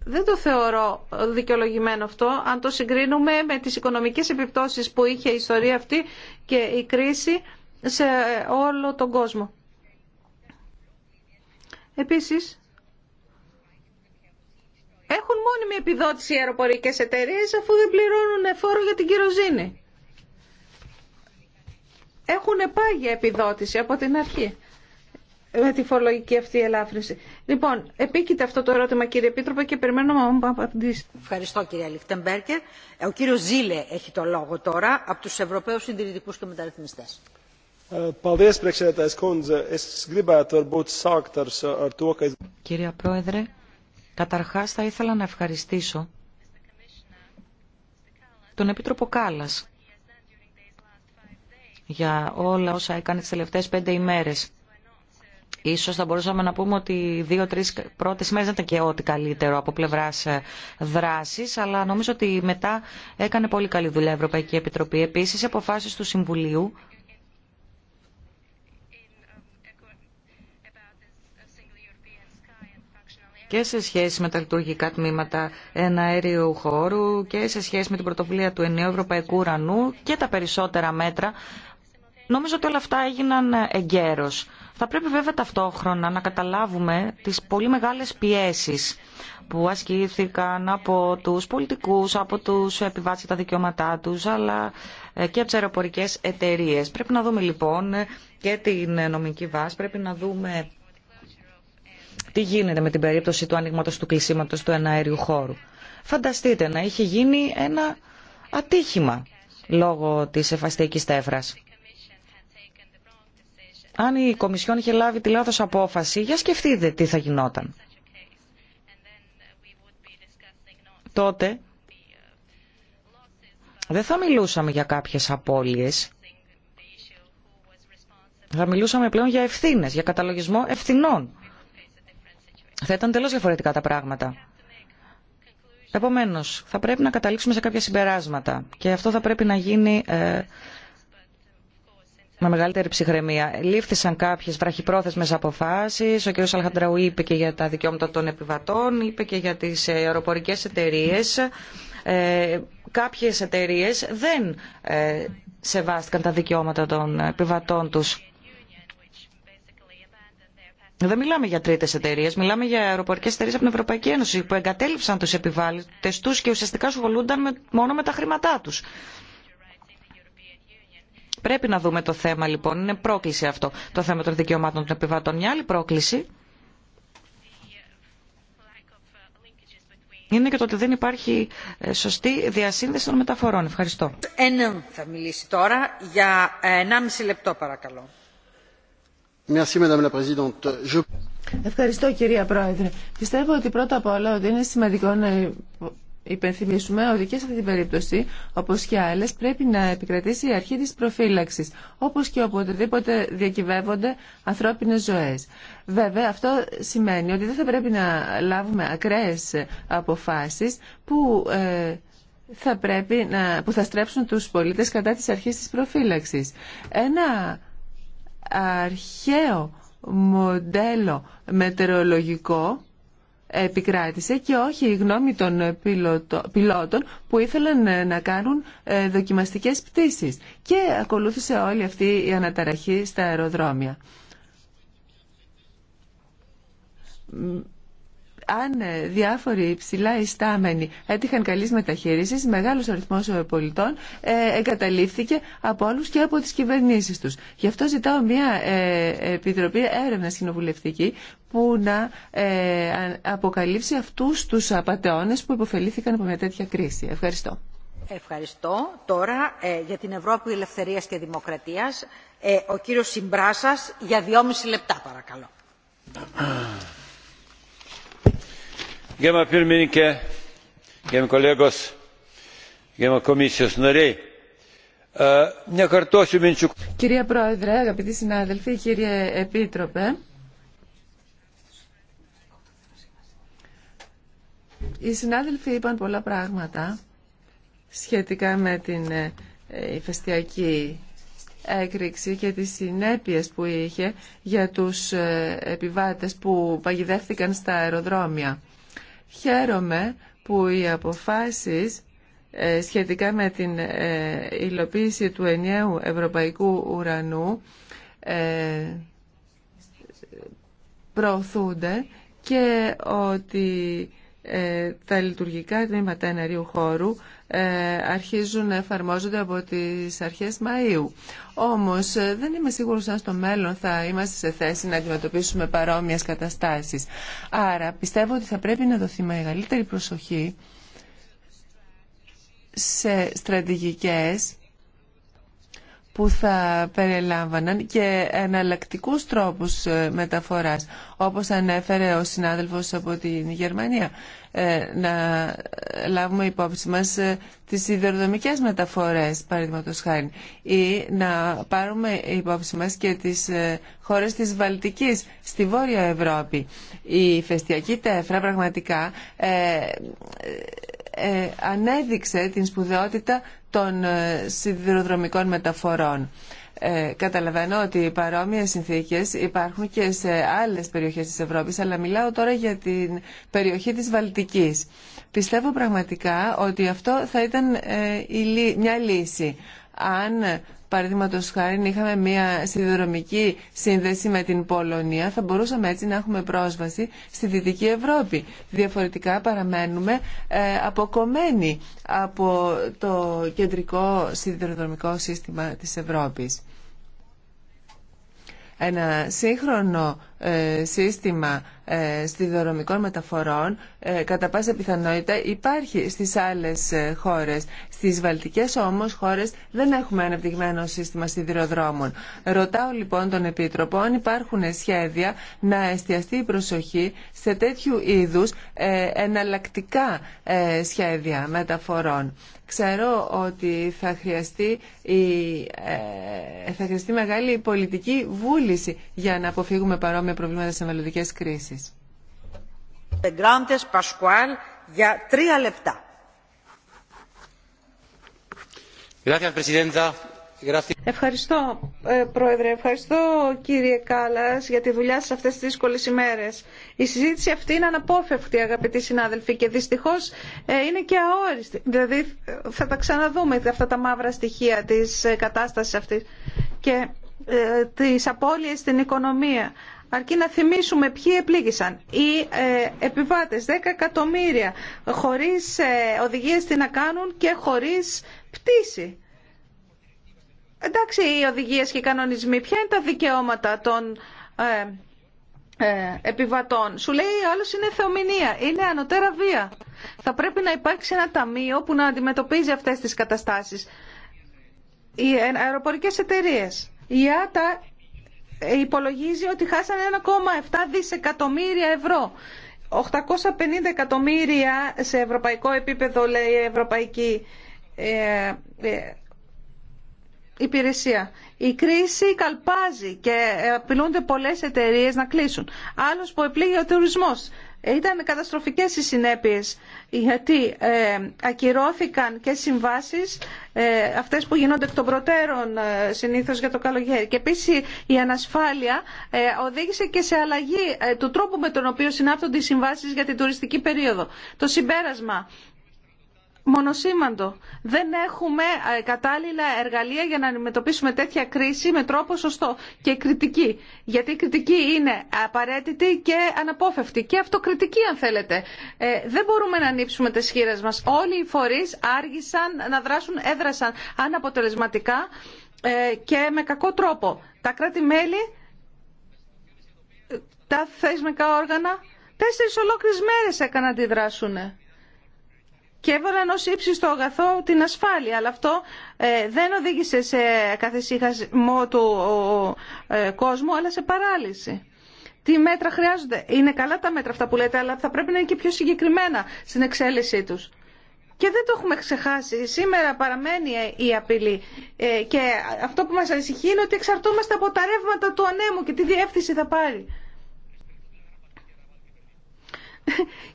Δεν το θεωρώ δικαιολογημένο αυτό, αν το συγκρίνουμε με τις οικονομικές επιπτώσεις που είχε η ιστορία αυτή και η κρίση σε όλο τον κόσμο. Επίσης, έχουν μόνιμη επιδότηση οι αεροπορικές εταιρείες αφού δεν πληρώνουν φόρο για την κυροζήνη. Έχουν πάγια επιδότηση από την αρχή με τη φορολογική αυτή ελάφρυνση. Λοιπόν, επίκειται αυτό το ερώτημα κύριε Επίτροπε και περιμένω να μου απαντήσει. Ευχαριστώ κύριε Λιχτεμπέρκερ. Ο κύριος Ζήλε έχει το λόγο τώρα από τους Ευρωπαίους συντηρητικού και Μεταρρυθμιστές. Κύριε ε, ε, Πρόεδρε, Καταρχάς θα ήθελα να ευχαριστήσω τον Επίτροπο Κάλλας για όλα όσα έκανε τις τελευταίες πέντε ημέρες. Ίσως θα μπορούσαμε να πούμε ότι δύο-τρεις πρώτες ημέρες ήταν και ό,τι καλύτερο από πλευράς ε, δράσης, αλλά νομίζω ότι μετά έκανε πολύ καλή δουλειά η Ευρωπαϊκή Επιτροπή. Επίσης, οι αποφάσεις του Συμβουλίου και σε σχέση με τα λειτουργικά τμήματα ένα αέριου χώρου και σε σχέση με την πρωτοβουλία του ενιαίου ευρωπαϊκού ουρανού και τα περισσότερα μέτρα. Νομίζω ότι όλα αυτά έγιναν εγκαίρως. Θα πρέπει βέβαια ταυτόχρονα να καταλάβουμε τις πολύ μεγάλες πιέσεις που ασκήθηκαν από τους πολιτικούς, από τους και τα δικαιώματά τους, αλλά και από τι αεροπορικές εταιρείες. Πρέπει να δούμε λοιπόν και την νομική βάση, πρέπει να δούμε τι γίνεται με την περίπτωση του ανοίγματο του κλεισίματος του εναέριου χώρου. Φανταστείτε να είχε γίνει ένα ατύχημα λόγω της εφαστιακή τέφρα. Αν η Κομισιόν είχε λάβει τη λάθο απόφαση, για σκεφτείτε τι θα γινόταν. Τότε δεν θα μιλούσαμε για κάποιες απώλειες. Θα μιλούσαμε πλέον για ευθύνες, για καταλογισμό ευθυνών θα ήταν τελώς διαφορετικά τα πράγματα. Επομένως, θα πρέπει να καταλήξουμε σε κάποια συμπεράσματα και αυτό θα πρέπει να γίνει ε, με μεγαλύτερη ψυχραιμία. Λήφθησαν κάποιε βραχυπρόθεσμε αποφάσει. Ο κ. Αλχαντραού είπε και για τα δικαιώματα των επιβατών, είπε και για τι αεροπορικέ εταιρείε. Ε, κάποιε εταιρείε δεν ε, σεβάστηκαν τα δικαιώματα των επιβατών τους. Δεν μιλάμε για τρίτες εταιρείε, μιλάμε για αεροπορικέ εταιρείε από την Ευρωπαϊκή Ένωση που εγκατέλειψαν τους επιβάλλοντες τους και ουσιαστικά ασχολούνταν μόνο με τα χρήματά τους. Πρέπει να δούμε το θέμα λοιπόν, είναι πρόκληση αυτό, το θέμα των δικαιωμάτων των επιβατών. Μια άλλη πρόκληση είναι και το ότι δεν υπάρχει ε, σωστή διασύνδεση των μεταφορών. Ευχαριστώ. θα μιλήσει τώρα για 1,5 ε, λεπτό παρακαλώ. Ευχαριστώ κυρία Πρόεδρε. Πιστεύω ότι πρώτα απ' όλα ότι είναι σημαντικό να υπενθυμίσουμε ότι και σε αυτή την περίπτωση, όπως και άλλες, πρέπει να επικρατήσει η αρχή της προφύλαξης, όπως και οποτεδήποτε διακυβεύονται ανθρώπινες ζωές. Βέβαια, αυτό σημαίνει ότι δεν θα πρέπει να λάβουμε ακραίες αποφάσεις που... Ε, θα πρέπει να, που θα στρέψουν τους πολίτες κατά της αρχής της προφύλαξης. Ένα αρχαίο μοντέλο μετεωρολογικό επικράτησε και όχι η γνώμη των πιλότων που ήθελαν ε, να κάνουν ε, δοκιμαστικές πτήσεις. Και ακολούθησε όλη αυτή η αναταραχή στα αεροδρόμια αν διάφοροι ψηλά ιστάμενοι έτυχαν καλής μεταχείρισης, μεγάλος αριθμός πολιτών ε, εγκαταλείφθηκε από όλους και από τις κυβερνήσεις τους. Γι' αυτό ζητάω μια ε, επιτροπή έρευνας κοινοβουλευτική που να ε, αποκαλύψει αυτούς τους απαταιώνες που υποφελήθηκαν από μια τέτοια κρίση. Ευχαριστώ. Ευχαριστώ. Τώρα για την Ευρώπη Ελευθερίας και Δημοκρατίας, ο κύριος Συμπράσας για δυόμιση λεπτά παρακαλώ gerbiama Κυρία Πρόεδρε, αγαπητοί συνάδελφοι, κύριε Επίτροπε, οι συνάδελφοι είπαν πολλά πράγματα σχετικά με την ε, ηφαιστειακή έκρηξη και τις συνέπειες που είχε για τους ε, επιβάτες που παγιδεύτηκαν στα αεροδρόμια. Χαίρομαι που οι αποφάσεις ε, σχετικά με την ε, υλοποίηση του ενιαίου ευρωπαϊκού ουρανού ε, προωθούνται και ότι ε, τα λειτουργικά τμήματα ενεργείου χώρου ε, αρχίζουν να εφαρμόζονται από τις αρχές Μαΐου. Όμως ε, δεν είμαι σίγουρος αν στο μέλλον θα είμαστε σε θέση να αντιμετωπίσουμε παρόμοιες καταστάσεις. Άρα πιστεύω ότι θα πρέπει να δοθεί μεγαλύτερη προσοχή σε στρατηγικές που θα περιλάμβαναν και εναλλακτικού τρόπους ε, μεταφοράς, όπως ανέφερε ο συνάδελφος από την Γερμανία. Ε, να λάβουμε υπόψη μας ε, τις σιδηροδρομικές μεταφορές, παραδείγματο χάρη, ή να πάρουμε υπόψη μας και τις χώρες της Βαλτικής, στη Βόρεια Ευρώπη. Η φεστιακή τέφρα πραγματικά ε, ανέδειξε την σπουδαιότητα των ε, σιδηροδρομικών μεταφορών. Ε, καταλαβαίνω ότι παρόμοιε συνθήκε υπάρχουν και σε άλλες περιοχές της Ευρώπης, αλλά μιλάω τώρα για την περιοχή της Βαλτικής. Πιστεύω πραγματικά ότι αυτό θα ήταν ε, η, μια λύση. Αν παραδείγματο χάρη, είχαμε μια σιδηροδρομική σύνδεση με την Πολωνία, θα μπορούσαμε έτσι να έχουμε πρόσβαση στη Δυτική Ευρώπη. Διαφορετικά παραμένουμε ε, αποκομμένοι από το κεντρικό σιδηροδρομικό σύστημα της Ευρώπης ένα σύγχρονο ε, σύστημα ε, σιδηροδρομικών μεταφορών ε, κατά πάσα πιθανότητα υπάρχει στις άλλες χώρες. Στις βαλτικές όμως χώρες δεν έχουμε αναπτυγμένο σύστημα σιδηροδρόμων. Ρωτάω λοιπόν τον Επίτροπο αν υπάρχουν σχέδια να εστιαστεί η προσοχή σε τέτοιου είδους εναλλακτικά σχέδια μεταφορών. Ξέρω ότι θα χρειαστεί, η, ε, θα χρειαστεί μεγάλη πολιτική βούληση για να αποφύγουμε παρόμοια προβλήματα σε μελλοντικέ κρίσεις. Πασκουάλ για τρία λεπτά. Ευχαριστώ, ε, Πρόεδρε. Ευχαριστώ, κύριε Κάλλας, για τη δουλειά σας αυτές τις δύσκολες ημέρες. Η συζήτηση αυτή είναι αναπόφευκτη, αγαπητοί συνάδελφοι, και δυστυχώς ε, είναι και αόριστη. Δηλαδή, θα τα ξαναδούμε αυτά τα μαύρα στοιχεία της ε, κατάστασης αυτής και ε, τις στην οικονομία. Αρκεί να θυμίσουμε ποιοι επλήγησαν. Οι ε, επιβάτες, 10 εκατομμύρια, χωρίς ε, οδηγίες τι να κάνουν και χωρίς πτήση. Εντάξει οι οδηγίες και οι κανονισμοί, ποια είναι τα δικαιώματα των ε, ε επιβατών. Σου λέει άλλο είναι θεομηνία, είναι ανωτέρα βία. Θα πρέπει να υπάρξει ένα ταμείο που να αντιμετωπίζει αυτές τις καταστάσεις. Οι αεροπορικές εταιρείες, η ΆΤΑ υπολογίζει ότι χάσανε 1,7 δισεκατομμύρια ευρώ. 850 εκατομμύρια σε ευρωπαϊκό επίπεδο λέει η Ευρωπαϊκή ε, ε υπηρεσία. Η κρίση καλπάζει και απειλούνται πολλές εταιρείε να κλείσουν. Άλλο που επλήγει ο τουρισμός. Ήταν καταστροφικέ οι συνέπειε γιατί ε, ακυρώθηκαν και συμβάσει, ε, αυτές που γίνονται εκ των προτέρων ε, συνήθως για το καλοκαίρι. Και επίση η ανασφάλεια ε, οδήγησε και σε αλλαγή ε, του τρόπου με τον οποίο συνάπτονται οι συμβάσει για την τουριστική περίοδο. Το συμπέρασμα μονοσήμαντο. Δεν έχουμε ε, κατάλληλα εργαλεία για να αντιμετωπίσουμε τέτοια κρίση με τρόπο σωστό και κριτική. Γιατί η κριτική είναι απαραίτητη και αναπόφευτη. και αυτοκριτική αν θέλετε. Ε, δεν μπορούμε να ανοίξουμε τις χείρες μας. Όλοι οι φορείς άργησαν να δράσουν, έδρασαν αναποτελεσματικά ε, και με κακό τρόπο. Τα κράτη-μέλη, τα θεσμικά όργανα, τέσσερις ολόκληρες μέρες έκαναν να αντιδράσουν και έβαλαν ως ύψιστο αγαθό την ασφάλεια. Αλλά αυτό ε, δεν οδήγησε σε καθησυχασμό του ε, κόσμου, αλλά σε παράλυση. Τι μέτρα χρειάζονται. Είναι καλά τα μέτρα αυτά που λέτε, αλλά θα πρέπει να είναι και πιο συγκεκριμένα στην εξέλιξή τους. Και δεν το έχουμε ξεχάσει. Σήμερα παραμένει ε, η απειλή. και αυτό που μας ανησυχεί είναι ότι εξαρτώμαστε από τα ρεύματα του ανέμου και τι διεύθυνση θα πάρει.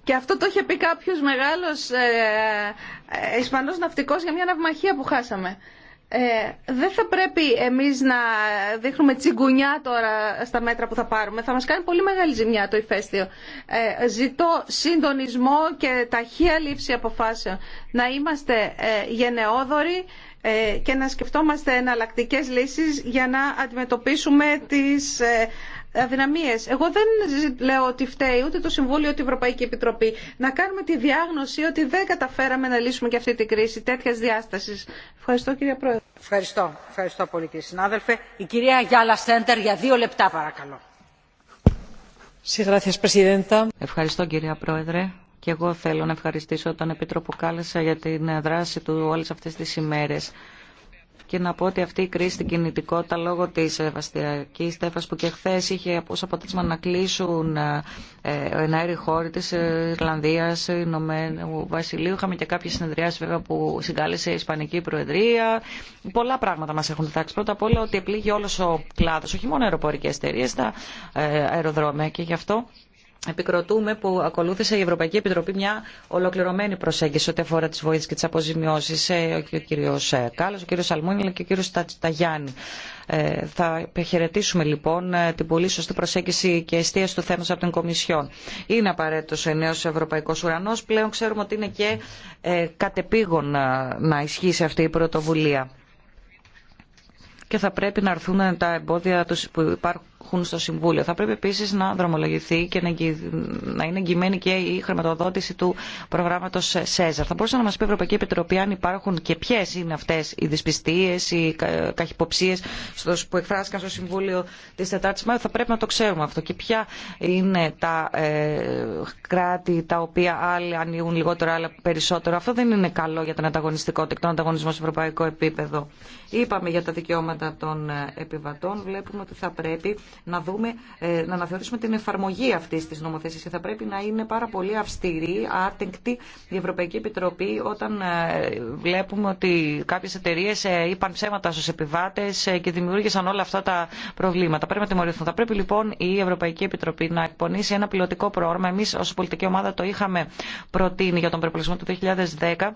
Και αυτό το είχε πει κάποιος μεγάλος ε, ε, Ισπανός ναυτικός για μια ναυμαχία που χάσαμε. Ε, δεν θα πρέπει εμείς να δείχνουμε τσιγκουνιά τώρα στα μέτρα που θα πάρουμε. Θα μας κάνει πολύ μεγάλη ζημιά το ηφαίστειο. Ε, ζητώ συντονισμό και ταχεία λήψη αποφάσεων. Να είμαστε ε, γενναιόδοροι ε, και να σκεφτόμαστε εναλλακτικέ λύσεις για να αντιμετωπίσουμε τις ε, εγώ δεν λέω ότι φταίει ούτε το Συμβούλιο ούτε η Ευρωπαϊκή Επιτροπή. Να κάνουμε τη διάγνωση ότι δεν καταφέραμε να λύσουμε και αυτή την κρίση τέτοια διάσταση. Ευχαριστώ κυρία Πρόεδρε. Ευχαριστώ. Ευχαριστώ πολύ κύριε συνάδελφε. Η κυρία Γιάλα Σέντερ για δύο λεπτά παρακαλώ. Ευχαριστώ κυρία Πρόεδρε. Και εγώ θέλω να ευχαριστήσω τον Επίτροπο Κάλεσα για την δράση του όλε αυτέ τι ημέρε και να πω ότι αυτή η κρίση στην κινητικότητα λόγω τη βαστιακή τέφα που και χθε είχε ω αποτέλεσμα να κλείσουν ε, ε, εναέροι χώροι τη Ιρλανδίας, Ηνωμένου Βασιλείου. Είχαμε και κάποιε συνεδριάσει βέβαια που συγκάλεσε η Ισπανική Προεδρία. Πολλά πράγματα μας έχουν διδάξει. Πρώτα απ' όλα ότι επλήγει όλο ο κλάδο, όχι μόνο αεροπορικές εταιρείε, τα ε, αεροδρόμια και γι' αυτό επικροτούμε που ακολούθησε η Ευρωπαϊκή Επιτροπή μια ολοκληρωμένη προσέγγιση ό,τι αφορά τι βοήθειε και τι αποζημιώσει. Ε, ο κύριο Κάλλο, ο κύριο ε, Σαλμούνι και ο κύριο Ταγιάννη. Ε, θα χαιρετήσουμε λοιπόν την πολύ σωστή προσέγγιση και εστίαση του θέματο από την Κομισιόν. Είναι απαραίτητο ο νέο Ευρωπαϊκό Ουρανό. Πλέον ξέρουμε ότι είναι και κατεπήγον να, να ισχύσει αυτή η πρωτοβουλία και θα πρέπει να έρθουν τα εμπόδια που υπάρχουν έχουν στο Συμβούλιο. Θα πρέπει επίση να δρομολογηθεί και να είναι εγγυημένη και η χρηματοδότηση του προγράμματο ΣΕΖΑΡ. Θα μπορούσε να μα πει η Ευρωπαϊκή Επιτροπή αν υπάρχουν και ποιε είναι αυτέ οι δυσπιστίε, οι καχυποψίε που εκφράστηκαν στο Συμβούλιο τη 4η Μαου. Θα πρέπει να το ξέρουμε αυτό. Και ποια είναι τα ε, κράτη τα οποία άλλοι ανοίγουν λιγότερο, άλλα περισσότερο. Αυτό δεν είναι καλό για τον ανταγωνιστικό, τον ανταγωνισμό σε ευρωπαϊκό επίπεδο. Είπαμε για τα δικαιώματα των ε, επιβατών. Βλέπουμε ότι θα πρέπει να, δούμε, ε, να αναθεωρήσουμε την εφαρμογή αυτή τη νομοθεσία. Θα πρέπει να είναι πάρα πολύ αυστηρή, άτεγκτη η Ευρωπαϊκή Επιτροπή όταν ε, βλέπουμε ότι κάποιε εταιρείε είπαν ψέματα στου επιβάτε και δημιούργησαν όλα αυτά τα προβλήματα. Πρέπει να τιμωρηθούν. Θα πρέπει λοιπόν η Ευρωπαϊκή Επιτροπή να εκπονήσει ένα πιλωτικό πρόγραμμα. Εμεί ω πολιτική ομάδα το είχαμε προτείνει για τον προπολογισμό του 2010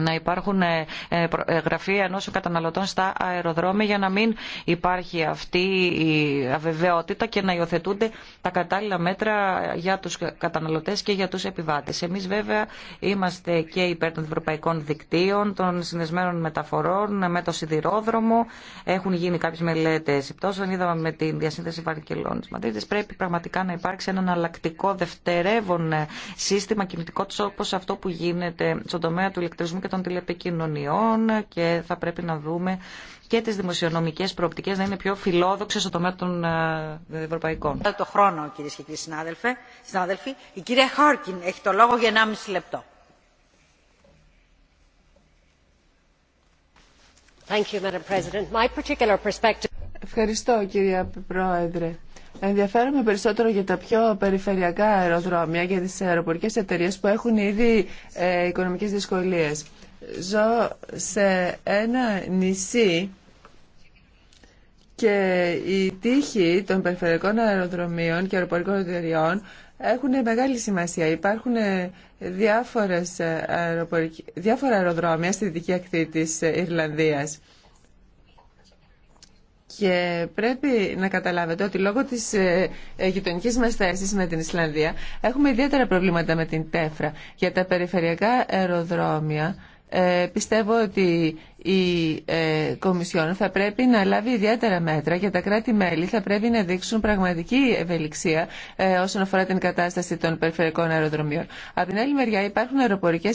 να υπάρχουν ε, ε, ε, γραφεία ενώσεων καταναλωτών στα αεροδρόμια για να μην υπάρχει αυτή η αβεβαιότητα και να υιοθετούνται τα κατάλληλα μέτρα για τους καταναλωτές και για τους επιβάτες. Εμείς βέβαια είμαστε και υπέρ των ευρωπαϊκών δικτύων, των συνδεσμένων μεταφορών, με το σιδηρόδρομο. Έχουν γίνει κάποιες μελέτες επιπτώσεων, είδαμε με τη διασύνδεση Βαρκελόνης Μαδρίτης. Πρέπει πραγματικά να υπάρξει ένα εναλλακτικό δευτερεύον σύστημα κινητικό όπως αυτό που γίνεται στον τομέα του ηλεκτρισμού και των τηλεπικοινωνιών και θα πρέπει να δούμε και τις δημοσιονομικές προοπτικές να είναι πιο φιλόδοξες στο τομέα των ε, ευρωπαϊκών. Το χρόνο, και κύριοι συνάδελφοι. Η κυρία Χόρκιν έχει το λόγο για 1,5 λεπτό. Thank you, Madam President. My particular perspective... Ευχαριστώ, κυρία Πρόεδρε. Ενδιαφέρομαι περισσότερο για τα πιο περιφερειακά αεροδρόμια, και τις αεροπορικές εταιρείες που έχουν ήδη ε, οικονομικές δυσκολίες. Ζω σε ένα νησί και οι τύχοι των περιφερειακών αεροδρομίων και αεροπορικών εταιριών έχουν μεγάλη σημασία. Υπάρχουν ε, διάφορες ε, διάφορα αεροδρόμια στη δική ακτή της Ιρλανδίας. Και πρέπει να καταλάβετε ότι λόγω τη ε, γειτονική μας θέση με την Ισλανδία έχουμε ιδιαίτερα προβλήματα με την ΤΕΦΡΑ. Για τα περιφερειακά αεροδρόμια ε, πιστεύω ότι η ε, Κομισιόν θα πρέπει να λάβει ιδιαίτερα μέτρα και τα κράτη-μέλη θα πρέπει να δείξουν πραγματική ευελιξία ε, όσον αφορά την κατάσταση των περιφερειακών αεροδρομίων. Από την άλλη μεριά υπάρχουν αεροπορικέ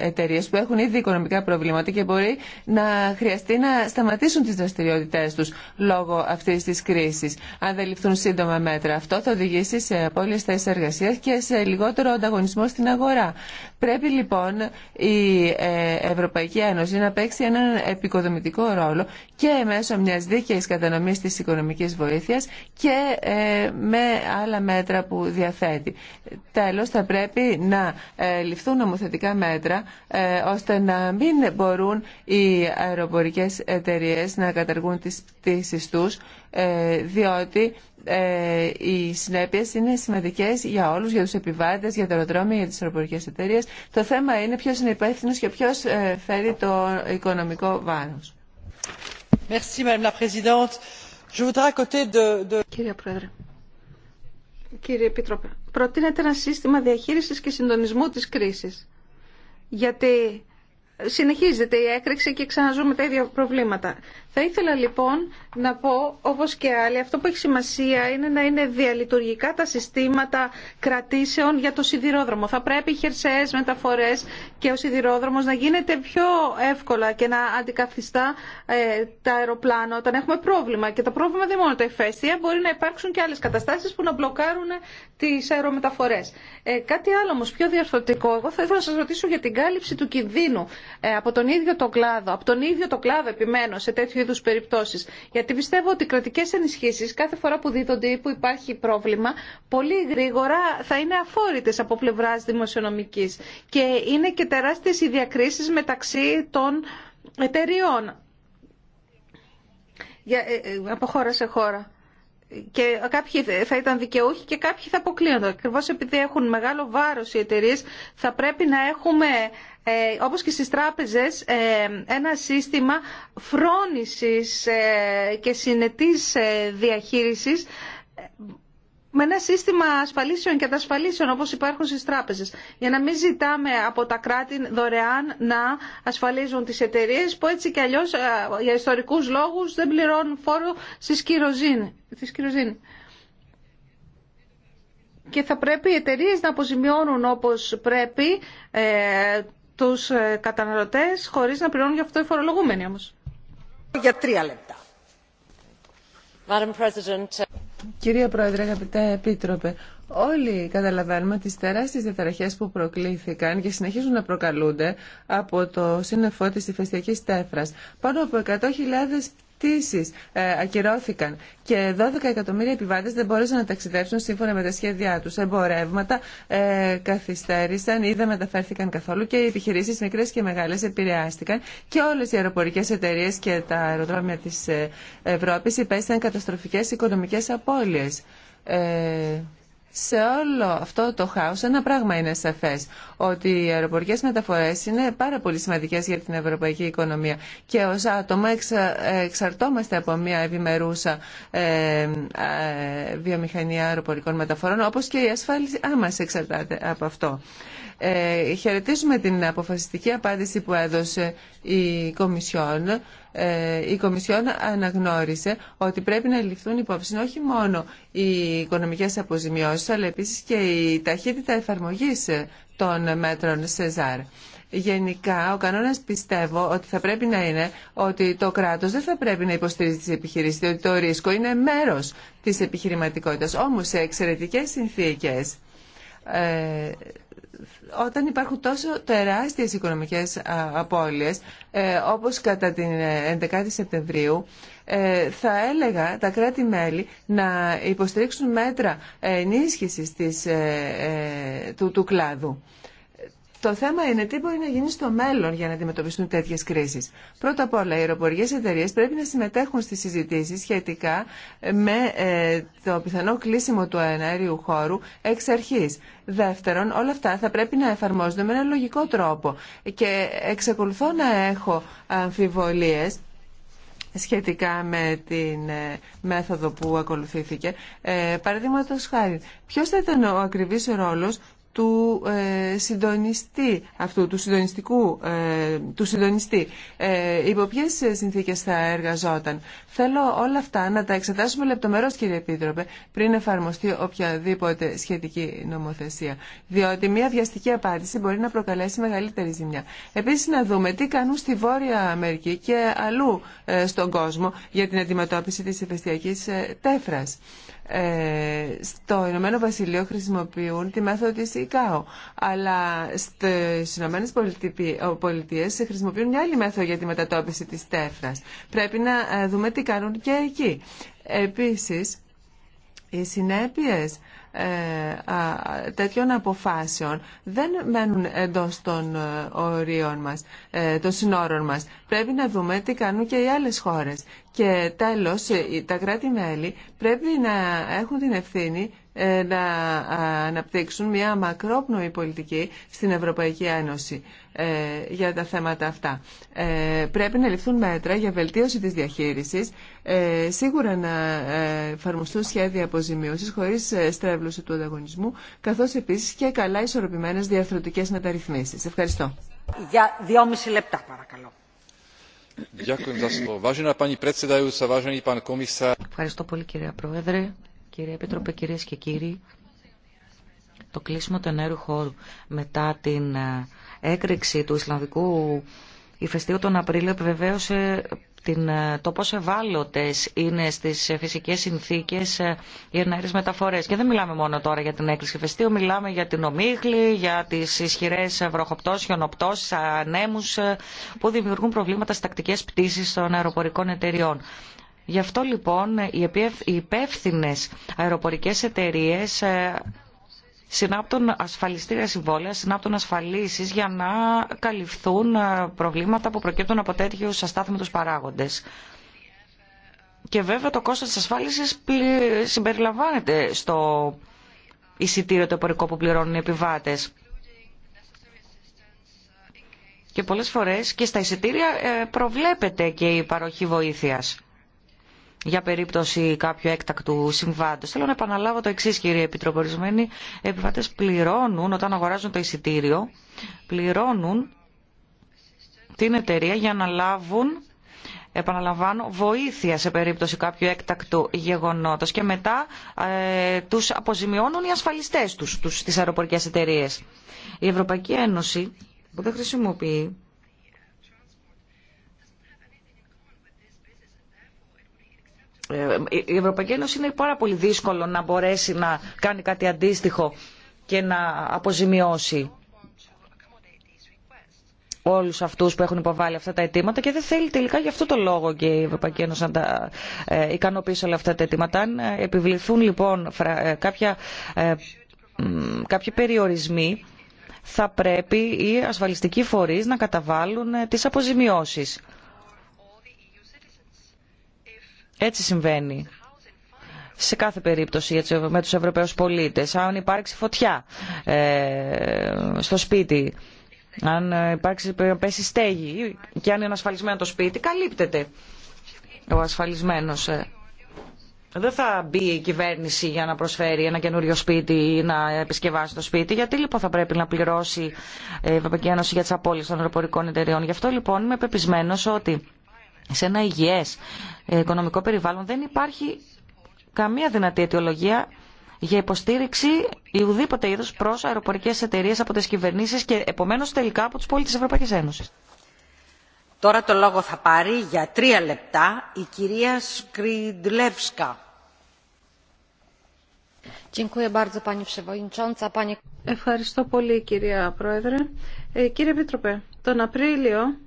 εταιρείε που έχουν ήδη οικονομικά προβλήματα και μπορεί να χρειαστεί να σταματήσουν τι δραστηριότητέ του λόγω αυτή τη κρίση. Αν δεν ληφθούν σύντομα μέτρα, αυτό θα οδηγήσει σε απώλειε θέσει εργασία και σε λιγότερο ανταγωνισμό στην αγορά. Πρέπει λοιπόν η ε, Ευρωπαϊκή Ένωση να παίξει έναν επικοδομητικό ρόλο και μέσω μιας δίκαιης κατανομής της οικονομικής βοήθειας και ε, με άλλα μέτρα που διαθέτει. Τέλος, θα πρέπει να ε, ληφθούν νομοθετικά μέτρα ε, ώστε να μην μπορούν οι αεροπορικές εταιρείες να καταργούν τις πτήσεις τους διότι ε, οι συνέπειε είναι σημαντικέ για όλου, για του επιβάτε, για τα αεροδρόμια, για τι αεροπορικέ εταιρείε. Το θέμα είναι ποιο είναι υπεύθυνο και ποιο ε, φέρει το οικονομικό βάρο. Κύριε Πρόεδρε, κύριε Επίτροπε, προτείνεται ένα σύστημα διαχείριση και συντονισμού τη κρίση, Γιατί συνεχίζεται η έκρηξη και ξαναζούμε τα ίδια προβλήματα. Θα ήθελα λοιπόν να πω, όπως και άλλοι, αυτό που έχει σημασία είναι να είναι διαλειτουργικά τα συστήματα κρατήσεων για το σιδηρόδρομο. Θα πρέπει οι χερσαίες μεταφορές και ο σιδηρόδρομος να γίνεται πιο εύκολα και να αντικαθιστά ε, τα αεροπλάνα όταν έχουμε πρόβλημα. Και το πρόβλημα δεν είναι μόνο τα ηφαίστεια, μπορεί να υπάρξουν και άλλες καταστάσεις που να μπλοκάρουν τις αερομεταφορές. Ε, κάτι άλλο όμως πιο διαρθρωτικό, εγώ θα ήθελα να σας ρωτήσω για την κάλυψη του κινδύνου ε, από τον ίδιο το κλάδο, από τον ίδιο το κλάδο επιμένω σε τέτοιου είδου περιπτώσει. Γιατί πιστεύω ότι οι κρατικές ενισχύσεις κάθε φορά που δίδονται ή που υπάρχει πρόβλημα, πολύ γρήγορα θα είναι αφόρητε από πλευρά δημοσιονομική Και είναι και τεράστιες οι διακρίσει μεταξύ των εταιριών ε, ε, από χώρα σε χώρα. Και κάποιοι θα ήταν δικαιούχοι και κάποιοι θα αποκλείονται. Ακριβώ επειδή έχουν μεγάλο βάρο οι εταιρείε, θα πρέπει να έχουμε ε, όπως και στις τράπεζες, ε, ένα σύστημα φρόνησης ε, και συνετής ε, διαχείρισης με ένα σύστημα ασφαλίσεων και ατασφαλίσεων όπως υπάρχουν στις τράπεζες για να μην ζητάμε από τα κράτη δωρεάν να ασφαλίζουν τις εταιρείες που έτσι και αλλιώς για ιστορικούς λόγους δεν πληρώνουν φόρο στις κυροζήνη. Και θα πρέπει οι εταιρείε να αποζημιώνουν όπως πρέπει τους ε, καταναλωτέ, χωρίς να πληρώνουν γι' αυτό οι φορολογούμενοι όμω. Για τρία λεπτά. Ε, Κυρία Πρόεδρε, αγαπητέ Επίτροπε, όλοι καταλαβαίνουμε τις τεράστιες διαταραχές που προκλήθηκαν και συνεχίζουν να προκαλούνται από το σύννεφό της ηφαιστιακής τέφρας. Πάνω από 100.000 ε, ακυρώθηκαν και 12 εκατομμύρια επιβάτε δεν μπόρεσαν να ταξιδέψουν σύμφωνα με τα σχέδιά τους. Εμπορεύματα ε, καθυστέρησαν ή δεν μεταφέρθηκαν καθόλου και οι επιχειρήσεις μικρές και μεγάλες επηρεάστηκαν και όλες οι αεροπορικές εταιρείε και τα αεροδρόμια της ε, Ευρώπη υπέστησαν καταστροφικέ οικονομικέ απώλειες. Ε, σε όλο αυτό το χάος ένα πράγμα είναι σαφές, ότι οι αεροπορικές μεταφορές είναι πάρα πολύ σημαντικές για την ευρωπαϊκή οικονομία και ως άτομα εξα, εξαρτόμαστε από μια ευημερούσα ε, ε, βιομηχανία αεροπορικών μεταφορών, όπως και η ασφάλιση σε εξαρτάται από αυτό. Ε, χαιρετίζουμε την αποφασιστική απάντηση που έδωσε η Κομισιόν ε, η Κομισιόν αναγνώρισε ότι πρέπει να ληφθούν υπόψη όχι μόνο οι οικονομικές αποζημιώσεις αλλά επίσης και η ταχύτητα εφαρμογής των μέτρων ΣΕΖΑΡ. Γενικά, ο κανόνα πιστεύω ότι θα πρέπει να είναι ότι το κράτο δεν θα πρέπει να υποστηρίζει τι επιχειρήσει, διότι το ρίσκο είναι μέρο τη επιχειρηματικότητα. Όμω, σε εξαιρετικέ συνθήκε, ε, όταν υπάρχουν τόσο τεράστιες οικονομικές απώλειες, ε, όπως κατά την 11η ε, Σεπτεμβρίου, ε, θα έλεγα τα κράτη-μέλη να υποστηρίξουν μέτρα ενίσχυσης του, του κλάδου. Το θέμα είναι τι μπορεί να γίνει στο μέλλον για να αντιμετωπιστούν τέτοιε κρίσει. Πρώτα απ' όλα, οι αεροπορικέ εταιρείε πρέπει να συμμετέχουν στι συζητήσει σχετικά με ε, το πιθανό κλείσιμο του ενέργειου χώρου εξ αρχή. Δεύτερον, όλα αυτά θα πρέπει να εφαρμόζονται με ένα λογικό τρόπο. Και εξακολουθώ να έχω αμφιβολίε σχετικά με την ε, μέθοδο που ακολουθήθηκε. Ε, Παραδείγματο χάρη, ποιο θα ήταν ο ακριβή ρόλο του ε, συντονιστή αυτού, του συντονιστικού, ε, του συντονιστή. Ε, υπό ποιε συνθήκε θα εργαζόταν. Θέλω όλα αυτά να τα εξετάσουμε λεπτομερώς κύριε Επίτροπε πριν εφαρμοστεί οποιαδήποτε σχετική νομοθεσία. Διότι μια βιαστική απάντηση μπορεί να προκαλέσει μεγαλύτερη ζημιά. Επίσης να δούμε τι κάνουν στη Βόρεια Αμερική και αλλού στον κόσμο για την αντιμετώπιση της ε, τέφρας. στο Ηνωμένο Βασιλείο χρησιμοποιούν τη μέθοδο αλλά στις Ηνωμένες Πολιτείες χρησιμοποιούν μια άλλη μέθοδο για τη μετατόπιση της τέφρας. Πρέπει να ε, δούμε τι κάνουν και εκεί. Επίσης, οι συνέπειες ε, τέτοιων αποφάσεων δεν μένουν εντός των ε, ορίων μας, των συνόρων μας. Πρέπει να δούμε τι κάνουν και οι άλλες χώρες. Και τέλος, τα κράτη-μέλη πρέπει να έχουν την ευθύνη ε, να αναπτύξουν μια μακρόπνοη πολιτική στην Ευρωπαϊκή Ένωση ε, για τα θέματα αυτά. Ε, πρέπει να ληφθούν μέτρα για βελτίωση της διαχείρισης, σίγουρα να εφαρμοστούν σχέδια αποζημίωσης χωρίς στρέβλωση του ανταγωνισμού, καθώς επίσης και καλά ισορροπημένες διαρθρωτικές μεταρρυθμίσεις. Ευχαριστώ. Για δυόμιση λεπτά παρακαλώ. Ευχαριστώ πολύ κύριε Πρόεδρε. Κύριε Επίτροπε, κυρίες και κύριοι, το κλείσιμο του ενέργου χώρου μετά την ε, έκρηξη του Ισλανδικού ηφαιστείου τον Απρίλιο επιβεβαίωσε την, ε, το πόσο ευάλωτε είναι στι ε, φυσικέ συνθήκε οι ενέργειε μεταφορέ. Και δεν μιλάμε μόνο τώρα για την έκρηξη ηφαιστείου, μιλάμε για την ομίχλη, για τι ισχυρέ βροχοπτώσει, χιονοπτώσει, ανέμου που δημιουργούν προβλήματα στι τακτικέ πτήσει των αεροπορικών εταιριών. Γι' αυτό λοιπόν οι υπεύθυνε αεροπορικές εταιρείες ε, συνάπτουν ασφαλιστήρια συμβόλαια, συνάπτουν ασφαλίσεις για να καλυφθούν ε, προβλήματα που προκύπτουν από τέτοιους αστάθμιτους παράγοντες. Και βέβαια το κόστος της ασφάλισης συμπεριλαμβάνεται στο εισιτήριο το εμπορικό που πληρώνουν οι επιβάτες. Και πολλές φορές και στα εισιτήρια ε, προβλέπεται και η παροχή βοήθειας για περίπτωση κάποιου έκτακτου συμβάντος. Θέλω να επαναλάβω το εξή, κύριε Επιτροπή. Ορισμένοι επιβάτε πληρώνουν όταν αγοράζουν το εισιτήριο, πληρώνουν την εταιρεία για να λάβουν επαναλαμβάνω, βοήθεια σε περίπτωση κάποιου έκτακτου γεγονότος και μετά ε, τους αποζημιώνουν οι ασφαλιστές τους, τους τις αεροπορικές εταιρείες. Η Ευρωπαϊκή Ένωση που δεν χρησιμοποιεί Ε, η Ευρωπαϊκή Ένωση είναι πάρα πολύ δύσκολο να μπορέσει να κάνει κάτι αντίστοιχο και να αποζημιώσει όλους αυτούς που έχουν υποβάλει αυτά τα αιτήματα και δεν θέλει τελικά γι' αυτό το λόγο και η Ευρωπαϊκή Ένωση να ε, ικανοποιήσει όλα αυτά τα αιτήματα. Αν ε, επιβληθούν λοιπόν κάποια, κάποιοι περιορισμοί θα πρέπει οι ασφαλιστικοί φορείς να καταβάλουν τις αποζημιώσεις έτσι συμβαίνει σε κάθε περίπτωση με τους Ευρωπαίους πολίτες. Αν υπάρξει φωτιά ε, στο σπίτι, αν υπάρξει, ε, πέσει στέγη και αν είναι ασφαλισμένο το σπίτι, καλύπτεται ο ασφαλισμένος. Ε. Δεν θα μπει η κυβέρνηση για να προσφέρει ένα καινούριο σπίτι ή να επισκευάσει το σπίτι. Γιατί λοιπόν θα πρέπει να πληρώσει η Ευρωπαϊκή Ένωση για τι απώλειε των αεροπορικών εταιριών. Γι' αυτό λοιπόν είμαι πεπισμένο ότι σε ένα υγιές οικονομικό περιβάλλον δεν υπάρχει καμία δυνατή αιτιολογία για υποστήριξη ουδήποτε είδους προς αεροπορικές εταιρείες από τις κυβερνήσεις και επομένως τελικά από τους πολίτες της Ευρωπαϊκής Ένωσης. Τώρα το λόγο θα πάρει για τρία λεπτά η κυρία Σκριντλεύσκα. Ευχαριστώ πολύ κυρία Πρόεδρε. Ε, κύριε Επίτροπε, τον Απρίλιο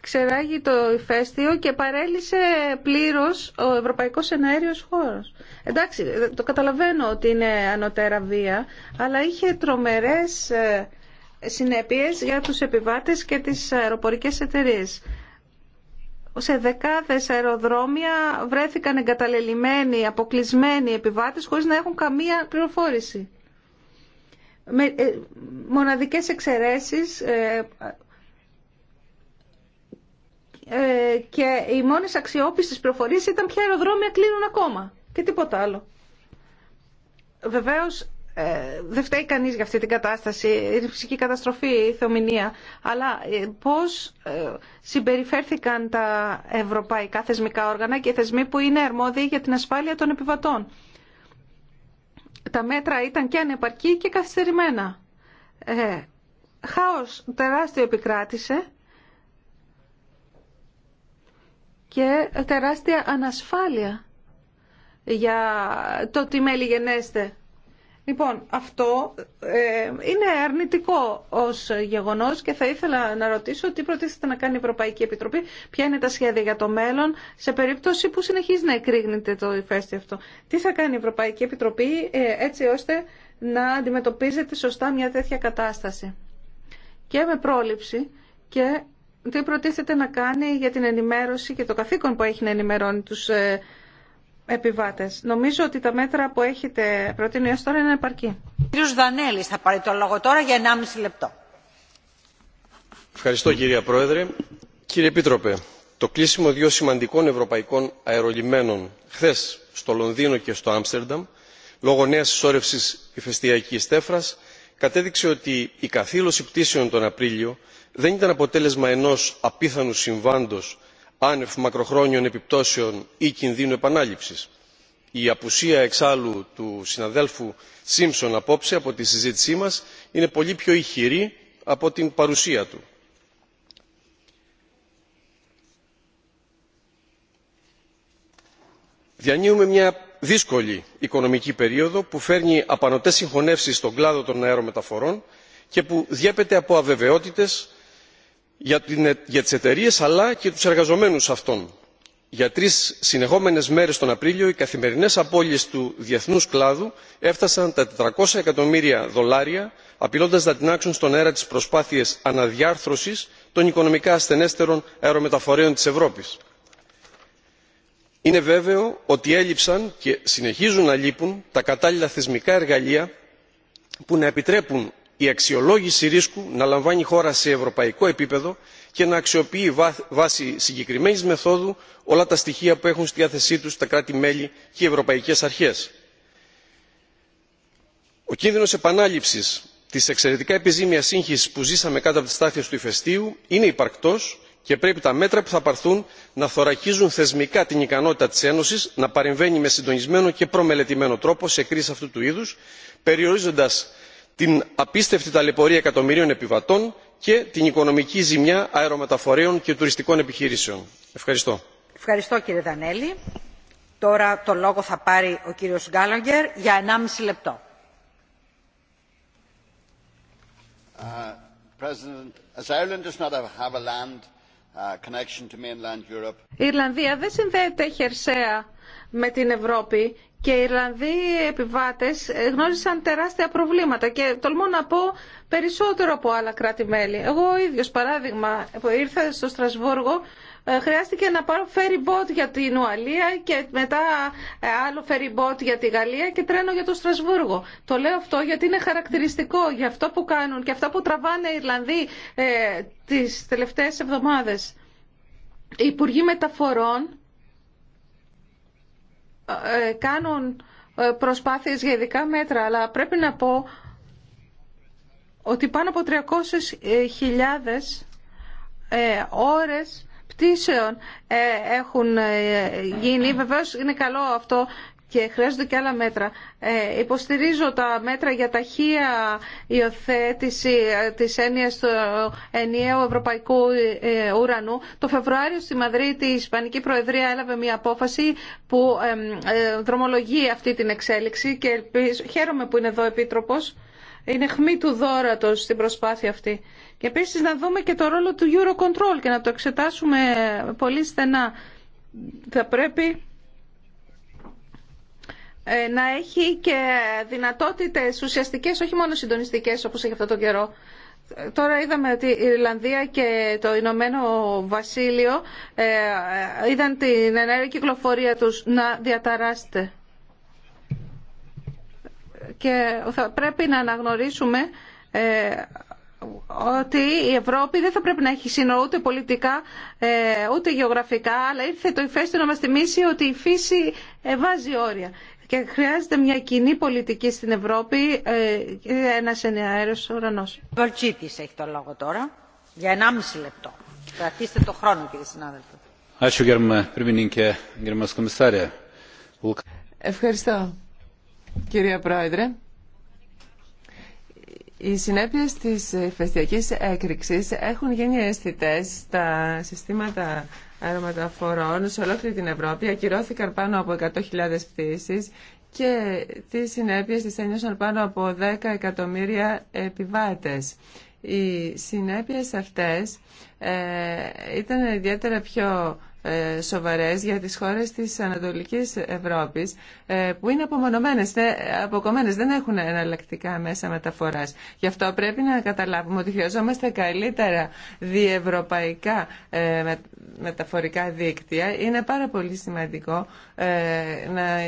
ξεράγει το ηφαίστειο και παρέλυσε πλήρως ο ευρωπαϊκός εναέριος χώρος. Εντάξει, το καταλαβαίνω ότι είναι ανωτέρα βία, αλλά είχε τρομερές ε, συνέπειες για τους επιβάτες και τις αεροπορικές εταιρείες. Σε δεκάδες αεροδρόμια βρέθηκαν εγκαταλελειμμένοι, αποκλεισμένοι επιβάτες χωρίς να έχουν καμία πληροφόρηση. Με ε, μοναδικές εξαιρέσεις ε, ε, και οι μόνες αξιόπιστες προφορίες ήταν ποια αεροδρόμια κλείνουν ακόμα και τίποτα άλλο. Βεβαίως ε, δεν φταίει κανείς για αυτή την κατάσταση, είναι φυσική καταστροφή, η θεομηνία, αλλά ε, πώς συμπεριφέρθηκαν τα ευρωπαϊκά θεσμικά όργανα και θεσμοί που είναι αρμόδιοι για την ασφάλεια των επιβατών. Τα μέτρα ήταν και ανεπαρκή και καθυστερημένα. Ε, χάος τεράστιο επικράτησε και τεράστια ανασφάλεια για το τι μέλη γενέστε. Λοιπόν, αυτό ε, είναι αρνητικό ως γεγονός και θα ήθελα να ρωτήσω τι προτίθεται να κάνει η Ευρωπαϊκή Επιτροπή, ποια είναι τα σχέδια για το μέλλον, σε περίπτωση που συνεχίζει να εκρήγνεται το υφέστη αυτό. Τι θα κάνει η Ευρωπαϊκή Επιτροπή ε, έτσι ώστε να αντιμετωπίζεται σωστά μια τέτοια κατάσταση και με πρόληψη και τι προτίθεται να κάνει για την ενημέρωση και το καθήκον που έχει να ενημερώνει τους ε, επιβάτες. Νομίζω ότι τα μέτρα που έχετε προτείνει έως τώρα είναι επαρκή. Κύριο Δανέλη, θα πάρει το λόγο τώρα για 1,5 λεπτό. Ευχαριστώ κύριε Πρόεδρε. Κύριε Επίτροπε, το κλείσιμο δύο σημαντικών ευρωπαϊκών αερολιμένων χθε στο Λονδίνο και στο Άμστερνταμ λόγω νέα ισόρευσης ηφαιστειακής τέφρας κατέδειξε ότι η καθήλωση πτήσεων τον Απρίλιο δεν ήταν αποτέλεσμα ενός απίθανου συμβάντος άνευ μακροχρόνιων επιπτώσεων ή κινδύνου επανάληψης. η απουσία εξάλλου του συναδέλφου Σίμψον απόψε από τη συζήτησή μας είναι πολύ πιο ηχηρή από την παρουσία του. διανύουμε μια δύσκολη οικονομική περίοδο που φέρνει απανοτές συγχωνεύσεις στον κλάδο των αερομεταφορών και που διέπεται από αβεβαιότητες ε, για τις εταιρείες αλλά και τους εργαζομένους αυτών. Για τρεις συνεχόμενες μέρες τον Απρίλιο οι καθημερινές απώλειες του διεθνούς κλάδου έφτασαν τα 400 εκατομμύρια δολάρια απειλώντας να τεινάξουν στον αέρα τις προσπάθειες αναδιάρθρωσης των οικονομικά ασθενέστερων αερομεταφορέων της Ευρώπης. Είναι βέβαιο ότι έλειψαν και συνεχίζουν να λείπουν τα κατάλληλα θεσμικά εργαλεία που να επιτρέπουν η αξιολόγηση ρίσκου να λαμβάνει η χώρα σε ευρωπαϊκό επίπεδο και να αξιοποιεί βάσει συγκεκριμένης μεθόδου όλα τα στοιχεία που έχουν στη διάθεσή τους τα κράτη μέλη και οι ευρωπαϊκές αρχές. ο κίνδυνος επανάληψης της εξαιρετικά επιζήμιας σύγχυσης που ζήσαμε κάτω από τις στάθειε του ηφαιστείου είναι υπαρκτός και πρέπει τα μέτρα που θα πάρθουν να θωρακίζουν θεσμικά την ικανότητα της ένωσης να παρεμβαίνει με συντονισμένο και προμελετημένο τρόπο σε κρίσει αυτού του είδους περιορίζοντας την απίστευτη ταλαιπωρία εκατομμυρίων επιβατών και την οικονομική ζημιά αερομεταφορέων και τουριστικών επιχειρήσεων. Ευχαριστώ. Ευχαριστώ κύριε Δανέλη. Τώρα το λόγο θα πάρει ο κύριος Γκάλαγκερ για 1,5 λεπτό. Uh, does not have a land uh, connection to mainland Europe. Η Ιρλανδία δεν συνδέεται χερσαία με την Ευρώπη και οι Ιρλανδοί επιβάτες γνώρισαν τεράστια προβλήματα και τολμώ να πω περισσότερο από άλλα κράτη-μέλη. Εγώ ο ίδιος παράδειγμα που ήρθα στο Στρασβούργο ε, χρειάστηκε να πάρω ferry boat για την Ουαλία και μετά ε, άλλο ferry boat για τη Γαλλία και τρένο για το Στρασβούργο. Το λέω αυτό γιατί είναι χαρακτηριστικό για αυτό που κάνουν και αυτά που τραβάνε οι Ιρλανδοί ε, τις τελευταίες εβδομάδες. Οι Υπουργοί Μεταφορών ε, κάνουν ε, προσπάθειες για ειδικά μέτρα, αλλά πρέπει να πω ότι πάνω από 300.000 ε, ώρες πτήσεων έχουν γίνει. Βεβαίως είναι καλό αυτό και χρειάζονται και άλλα μέτρα. Ε, υποστηρίζω τα μέτρα για ταχεία υιοθέτηση ε, της έννοιας του ενιαίου ευρωπαϊκού ε, ουρανού. Το Φεβρουάριο στη Μαδρίτη η Ισπανική Προεδρία έλαβε μια απόφαση που ε, δρομολογεί αυτή την εξέλιξη και ελπίζω, χαίρομαι που είναι εδώ ο Επίτροπος. Είναι χμή του δόρατο στην προσπάθεια αυτή. Και επίση να δούμε και το ρόλο του Eurocontrol και να το εξετάσουμε πολύ στενά. Θα πρέπει ε, να έχει και δυνατότητες ουσιαστικές, όχι μόνο συντονιστικές όπως έχει αυτό τον καιρό. Ε, τώρα είδαμε ότι η Ιρλανδία και το Ηνωμένο Βασίλειο ε, είδαν την ενέργεια κυκλοφορία τους να διαταράσσεται. Και θα πρέπει να αναγνωρίσουμε ότι η Ευρώπη δεν θα πρέπει να έχει σύνορα ούτε πολιτικά ούτε γεωγραφικά αλλά ήρθε το ηφαίστειο να μας θυμίσει ότι η φύση βάζει όρια. Και χρειάζεται μια κοινή πολιτική στην Ευρώπη ε, και ένα ενιαίος ουρανό. Βολτσίτης έχει το λόγο τώρα για 1,5 λεπτό. Κρατήστε το χρόνο κύριε συνάδελφε. Ευχαριστώ κυρία Πρόεδρε. Οι συνέπειε τη ηφαιστιακή έκρηξη έχουν γίνει αισθητέ στα συστήματα αερομεταφορών σε ολόκληρη την Ευρώπη ακυρώθηκαν πάνω από 100.000 πτήσεις και τι συνέπειες τις ένιωσαν πάνω από 10 εκατομμύρια επιβάτες. Οι συνέπειες αυτές ε, ήταν ιδιαίτερα πιο ε, σοβαρές για τις χώρες της Ανατολικής Ευρώπης ε, που είναι απομονωμένες, αποκομμένες, δεν έχουν εναλλακτικά μέσα μεταφοράς. Γι' αυτό πρέπει να καταλάβουμε ότι χρειαζόμαστε καλύτερα διευρωπαϊκά ε, μεταφορικά δίκτυα. Είναι πάρα πολύ σημαντικό να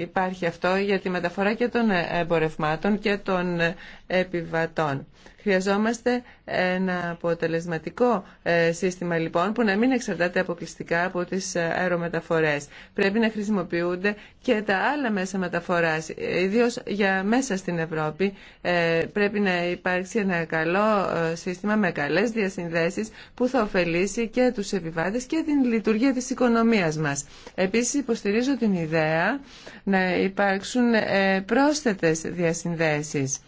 υπάρχει αυτό για τη μεταφορά και των εμπορευμάτων και των επιβατών. Χρειαζόμαστε ένα αποτελεσματικό ε, σύστημα λοιπόν που να μην εξαρτάται αποκλειστικά από τις ε, αερομεταφορές. Πρέπει να χρησιμοποιούνται και τα άλλα μέσα μεταφοράς, ιδίως για μέσα στην Ευρώπη. Ε, πρέπει να υπάρξει ένα καλό σύστημα με καλές διασυνδέσεις που θα ωφελήσει και τους επιβάτες και την λειτουργία της οικονομίας μας. Επίσης υποστηρίζω την ιδέα να υπάρξουν πρόσθετες διασυνδέσεις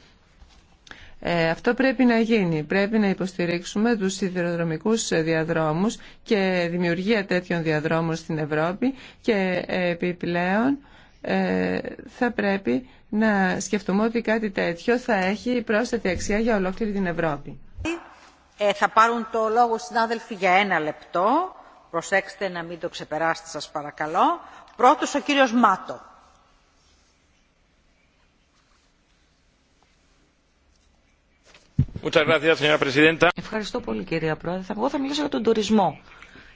ε, αυτό πρέπει να γίνει. Πρέπει να υποστηρίξουμε τους σιδηροδρομικούς διαδρόμους και δημιουργία τέτοιων διαδρόμων στην Ευρώπη και επιπλέον ε, θα πρέπει να σκεφτούμε ότι κάτι τέτοιο θα έχει πρόσθετη αξία για ολόκληρη την Ευρώπη. Ε, θα πάρουν το λόγο συνάδελφοι για ένα λεπτό. Προσέξτε να μην το ξεπεράσετε σας παρακαλώ. Πρώτος ο κύριος Μάτο. Ευχαριστώ πολύ κυρία Πρόεδρε. Εγώ θα μιλήσω για τον τουρισμό.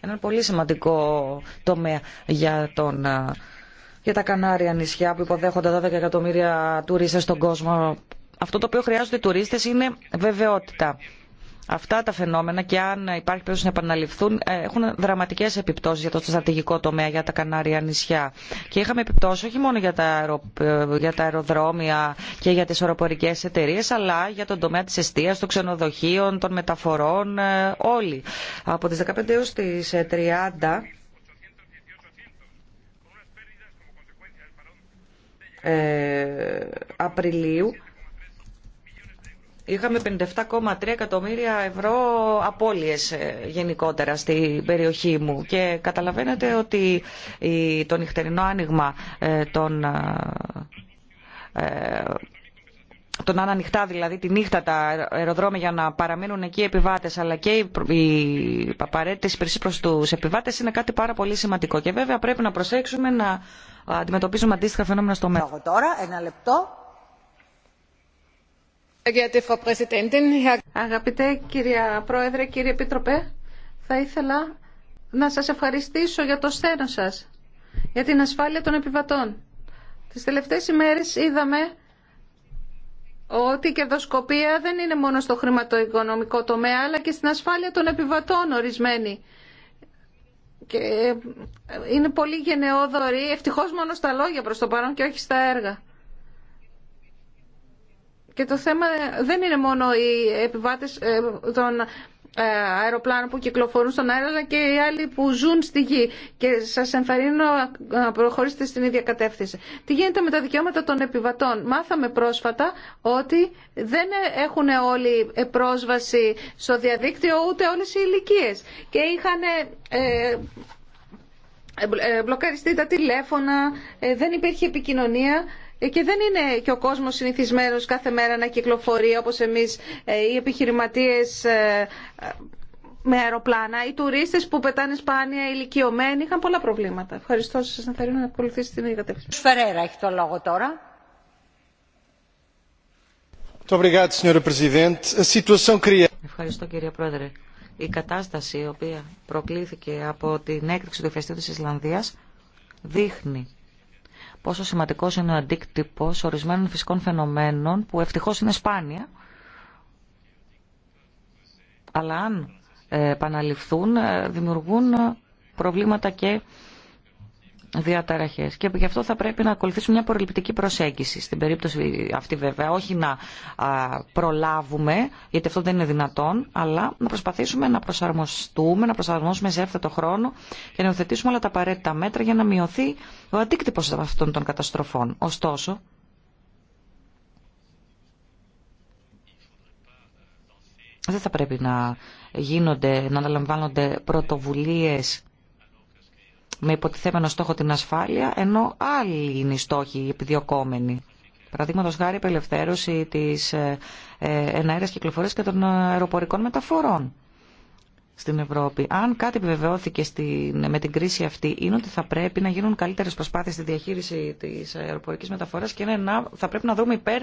Ένα πολύ σημαντικό τομέα για τα Κανάρια νησιά που υποδέχονται 12 εκατομμύρια τουρίστες στον κόσμο. Αυτό το οποίο χρειάζονται οι τουρίστες είναι βεβαιότητα αυτά τα φαινόμενα και αν υπάρχει περίπτωση να επαναληφθούν ε, έχουν δραματικές επιπτώσεις για το στρατηγικό τομέα για τα Κανάρια νησιά. Και είχαμε επιπτώσεις όχι μόνο για τα, ε, για τα αεροδρόμια και για τις οροπορικέ εταιρείε, αλλά για τον τομέα της εστίας, των ξενοδοχείων, των μεταφορών, ε, όλοι. Από τις 15 έως τις 30... Ε, Απριλίου Είχαμε 57,3 εκατομμύρια ευρώ απώλειες ε, γενικότερα στην περιοχή μου και καταλαβαίνετε ότι το νυχτερινό άνοιγμα ε, των ε, ανανοιχτά, δηλαδή τη νύχτα τα αεροδρόμια για να παραμείνουν εκεί οι επιβάτες αλλά και οι απαραίτητες υπηρεσίες προς τους επιβάτες είναι κάτι πάρα πολύ σημαντικό και βέβαια πρέπει να προσέξουμε να αντιμετωπίζουμε αντίστοιχα φαινόμενα στο μέλλον. Αγαπητέ κυρία Πρόεδρε, κύριε Επίτροπε, θα ήθελα να σας ευχαριστήσω για το στένο σας, για την ασφάλεια των επιβατών. Τις τελευταίες ημέρες είδαμε ότι η κερδοσκοπία δεν είναι μόνο στο χρηματοοικονομικό τομέα, αλλά και στην ασφάλεια των επιβατών ορισμένη. Και είναι πολύ γενναιόδορη, ευτυχώς μόνο στα λόγια προς το παρόν και όχι στα έργα. Και το θέμα δεν είναι μόνο οι επιβάτες ε, των ε, αεροπλάνων που κυκλοφορούν στον αέρα, αλλά και οι άλλοι που ζουν στη γη. Και σας ενθαρρύνω να προχωρήσετε στην ίδια κατεύθυνση. Τι γίνεται με τα δικαιώματα των επιβατών. Μάθαμε πρόσφατα ότι δεν έχουν όλοι ε, πρόσβαση στο διαδίκτυο, ούτε όλες οι ηλικίε. Και είχαν μπλοκαριστεί τα τηλέφωνα, δεν υπήρχε επικοινωνία ε, και δεν είναι και ο κόσμος συνηθισμένος κάθε μέρα να κυκλοφορεί όπως εμείς ε, οι επιχειρηματίες ε, με αεροπλάνα. Οι τουρίστες που πετάνε σπάνια, οι ηλικιωμένοι είχαν πολλά προβλήματα. Ευχαριστώ σας να να ακολουθήσετε την έχει το λόγο τώρα. Ευχαριστώ κύριε Πρόεδρε. Η κατάσταση η οποία προκλήθηκε από την έκρηξη του ηφαιστείου της Ισλανδίας δείχνει πόσο σημαντικό είναι ο αντίκτυπος ορισμένων φυσικών φαινομένων που ευτυχώ είναι σπάνια. Αλλά αν ε, επαναληφθούν ε, δημιουργούν ε, προβλήματα και διαταραχές και γι' αυτό θα πρέπει να ακολουθήσουμε μια προληπτική προσέγγιση στην περίπτωση αυτή βέβαια όχι να προλάβουμε γιατί αυτό δεν είναι δυνατόν αλλά να προσπαθήσουμε να προσαρμοστούμε να προσαρμόσουμε σε έφτατο χρόνο και να υιοθετήσουμε όλα τα απαραίτητα μέτρα για να μειωθεί ο αντίκτυπο αυτών των καταστροφών. Ωστόσο δεν θα πρέπει να γίνονται, να αναλαμβάνονται πρωτοβουλίες με υποτιθέμενο στόχο την ασφάλεια, ενώ άλλοι είναι οι στόχοι επιδιωκόμενοι. Παραδείγματο χάρη η απελευθέρωση τη ε, ε, εναέρεια κυκλοφορίας και των αεροπορικών μεταφορών στην Ευρώπη. Αν κάτι επιβεβαιώθηκε στην, με την κρίση αυτή είναι ότι θα πρέπει να γίνουν καλύτερε προσπάθειες στη διαχείριση τη αεροπορική μεταφορά και να, θα πρέπει να δούμε υπέρ,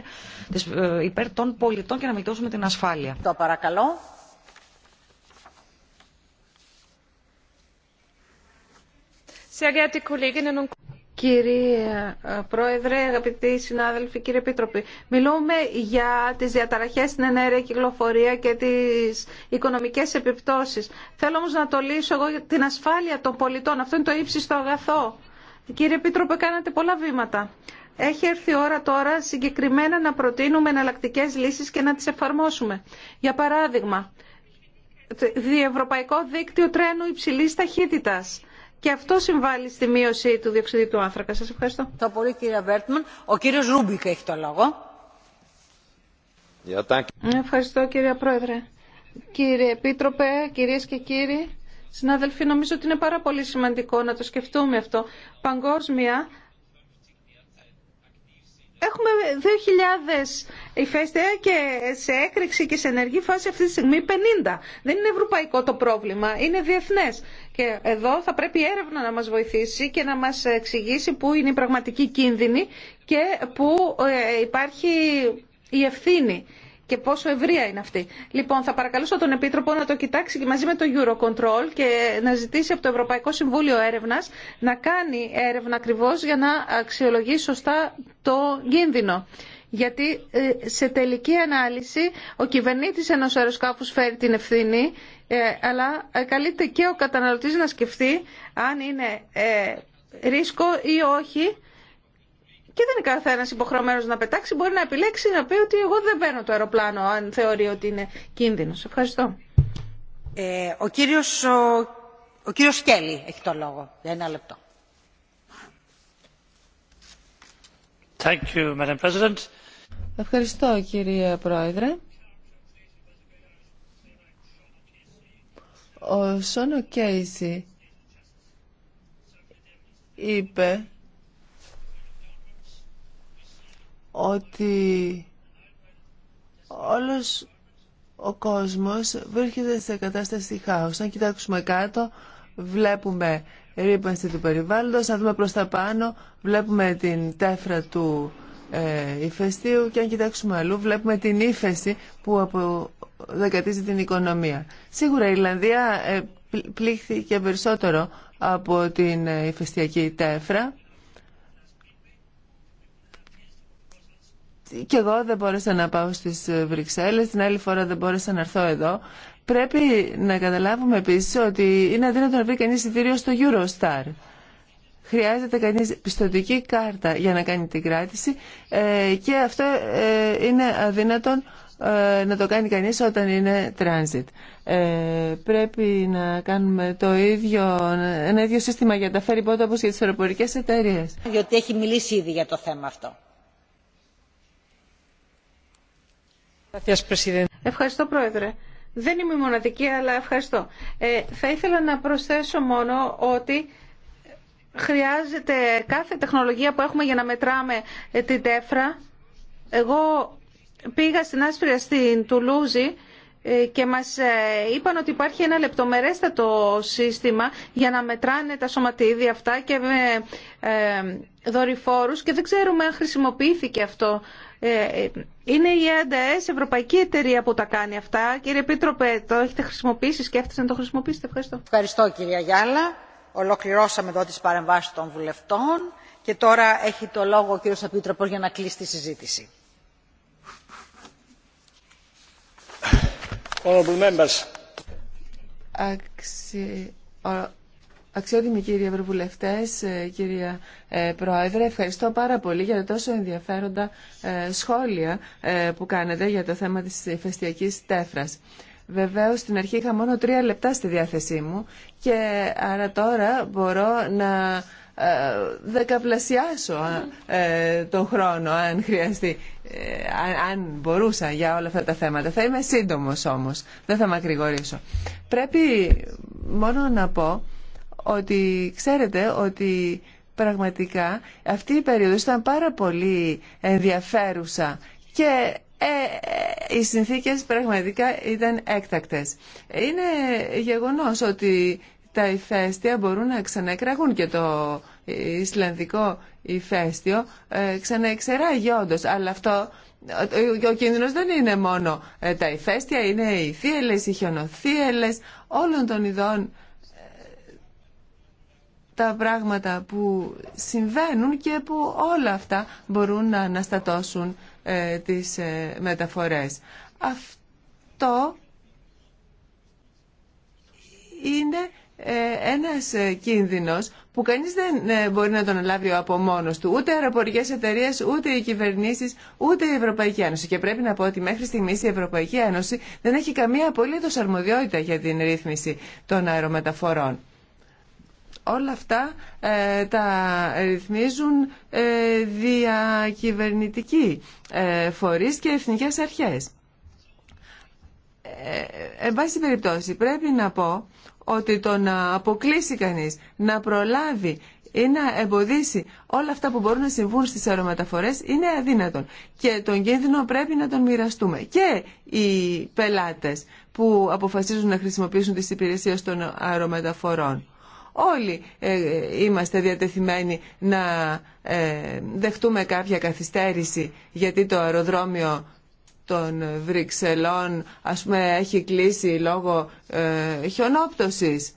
ε, υπέρ των πολιτών και να μειώσουμε την ασφάλεια. Το παρακαλώ. Κύριε ε, Πρόεδρε, αγαπητοί συνάδελφοι, κύριε Επίτροπη, μιλούμε για τις διαταραχές στην ενέργεια κυκλοφορία και τις οικονομικές επιπτώσεις. Θέλω όμως να το λύσω εγώ την ασφάλεια των πολιτών. Αυτό είναι το ύψιστο αγαθό. Κύριε Επίτροπε, κάνατε πολλά βήματα. Έχει έρθει η ώρα τώρα συγκεκριμένα να προτείνουμε εναλλακτικέ λύσεις και να τις εφαρμόσουμε. Για παράδειγμα, διευρωπαϊκό δίκτυο τρένου υψηλής ταχύτητας και αυτό συμβάλλει στη μείωση του διοξιδίου του άνθρακα. Σας ευχαριστώ. Το πολύ κύριε Βέρτμαν. Ο κύριος Ρούμπικ έχει το λόγο. Ευχαριστώ κύριε Πρόεδρε. Κύριε Επίτροπε, κυρίες και κύριοι, συνάδελφοι, νομίζω ότι είναι πάρα πολύ σημαντικό να το σκεφτούμε αυτό. Παγκόσμια Έχουμε 2.000 ηφαίστεια και σε έκρηξη και σε ενεργή φάση αυτή τη στιγμή 50. Δεν είναι ευρωπαϊκό το πρόβλημα, είναι διεθνές. Και εδώ θα πρέπει η έρευνα να μας βοηθήσει και να μας εξηγήσει πού είναι η πραγματική κίνδυνη και πού ε, υπάρχει η ευθύνη και πόσο ευρεία είναι αυτή. Λοιπόν, θα παρακαλούσα τον Επίτροπο να το κοιτάξει μαζί με το Eurocontrol και να ζητήσει από το Ευρωπαϊκό Συμβούλιο Έρευνα να κάνει έρευνα ακριβώ για να αξιολογεί σωστά το κίνδυνο. Γιατί ε, σε τελική ανάλυση ο κυβερνήτη ενό αεροσκάφου φέρει την ευθύνη, ε, αλλά ε, καλείται και ο καταναλωτή να σκεφτεί αν είναι ρίσκο ή όχι και δεν είναι καθένα υποχρεωμένο να πετάξει. Μπορεί να επιλέξει να πει ότι εγώ δεν παίρνω το αεροπλάνο αν θεωρεί ότι είναι κίνδυνο. Ευχαριστώ. Ε, ο κύριο ο, κύριος Σκέλη έχει το λόγο για ένα λεπτό. Thank you, Madam President. Ευχαριστώ κύριε Πρόεδρε. Ο Σόνο Κέισι είπε ότι όλος ο κόσμος βρίσκεται σε κατάσταση χάος. Αν κοιτάξουμε κάτω, βλέπουμε ρήπανση του περιβάλλοντος, αν δούμε προς τα πάνω, βλέπουμε την τέφρα του ε, ηφαιστείου και αν κοιτάξουμε αλλού, βλέπουμε την ύφεση που αποδεκατίζει την οικονομία. Σίγουρα η Ιρλανδία ε, πλήχθηκε περισσότερο από την ε, ηφαιστειακή τέφρα και εγώ δεν μπόρεσα να πάω στις ε, Βρυξέλλες, την άλλη φορά δεν μπόρεσα να έρθω εδώ. Πρέπει να καταλάβουμε επίσης ότι είναι αδύνατο να βρει κανείς ειδηρίο στο Eurostar. Χρειάζεται κανείς πιστοτική κάρτα για να κάνει την κράτηση ε, και αυτό ε, είναι αδύνατον να το κάνει κανείς όταν είναι transit. πρέπει να κάνουμε το ίδιο, ένα ίδιο σύστημα για τα ferry boat για τις αεροπορικές εταιρείες. Διότι έχει μιλήσει ήδη για το θέμα αυτό. Ευχαριστώ, Πρόεδρε. Δεν είμαι μοναδική, αλλά ευχαριστώ. Ε, θα ήθελα να προσθέσω μόνο ότι χρειάζεται κάθε τεχνολογία που έχουμε για να μετράμε ε, την τέφρα. Εγώ πήγα στην Άσπρια στην Τουλούζη ε, και μας ε, είπαν ότι υπάρχει ένα λεπτομερέστατο σύστημα για να μετράνε τα σωματίδια αυτά και με δορυφόρους και δεν ξέρουμε αν χρησιμοποιήθηκε αυτό ε, είναι η ΕΑΝΤΑΕΣ, Ευρωπαϊκή Εταιρεία που τα κάνει αυτά. Κύριε Πίτροπε, το έχετε χρησιμοποιήσει, σκέφτεστε να το χρησιμοποιήσετε. Ευχαριστώ. Ευχαριστώ κυρία Γιάλα. Ολοκληρώσαμε εδώ τις παρεμβάσεις των βουλευτών και τώρα έχει το λόγο ο κύριος Επίτροπος για να κλείσει τη συζήτηση. members. Αξι... Αξιότιμοι κύριοι Ευρωβουλευτέ, ε, κυρία ε, Πρόεδρε, ευχαριστώ πάρα πολύ για τα τόσο ενδιαφέροντα ε, σχόλια που κάνετε για το θέμα της φεστιακής τέφρας. Βεβαίως, στην αρχή είχα μόνο τρία λεπτά στη διάθεσή μου και άρα τώρα μπορώ να δεκαπλασιάσω τον χρόνο αν χρειαστεί, αν μπορούσα για όλα αυτά τα θέματα. Θα είμαι σύντομος όμως, δεν θα μακρηγορήσω. Πρέπει μόνο να πω ότι ξέρετε ότι πραγματικά αυτή η περίοδος ήταν πάρα πολύ ενδιαφέρουσα και ε, ε, οι συνθήκες πραγματικά ήταν έκτακτες. Είναι γεγονός ότι τα ηφαίστεια μπορούν να ξαναεκραγούν και το Ισλανδικό ηφαίστειο ε, ξαναεξεράγει όντως, αλλά αυτό ο κίνδυνος δεν είναι μόνο ε, τα ηφαίστεια, είναι οι θύελες, οι χιονοθύελες, όλων των ειδών τα πράγματα που συμβαίνουν και που όλα αυτά μπορούν να αναστατώσουν ε, τις ε, μεταφορές. Αυτό είναι ε, ένας κίνδυνος που κανείς δεν μπορεί να τον λάβει από μόνος του. Ούτε αεροπορικές εταιρείες, ούτε οι κυβερνήσεις, ούτε η Ευρωπαϊκή Ένωση. Και πρέπει να πω ότι μέχρι στιγμής η Ευρωπαϊκή Ένωση δεν έχει καμία απολύτως αρμοδιότητα για την ρύθμιση των αερομεταφορών. Όλα αυτά ε, τα ρυθμίζουν ε, διακυβερνητικοί ε, φορείς και εθνικές αρχές. Εν πάση περιπτώσει, πρέπει να πω ότι το να αποκλείσει κανείς, να προλάβει ή να εμποδίσει όλα αυτά που μπορούν να συμβούν στις αερομεταφορές είναι αδύνατον. Και τον κίνδυνο πρέπει να τον μοιραστούμε. Και οι πελάτες που αποφασίζουν να χρησιμοποιήσουν τις υπηρεσίες των αερομεταφορών. Όλοι ε, είμαστε διατεθειμένοι να ε, δεχτούμε κάποια καθυστέρηση γιατί το αεροδρόμιο των Βρυξελών ας πούμε έχει κλείσει λόγω ε, χιονόπτωσης.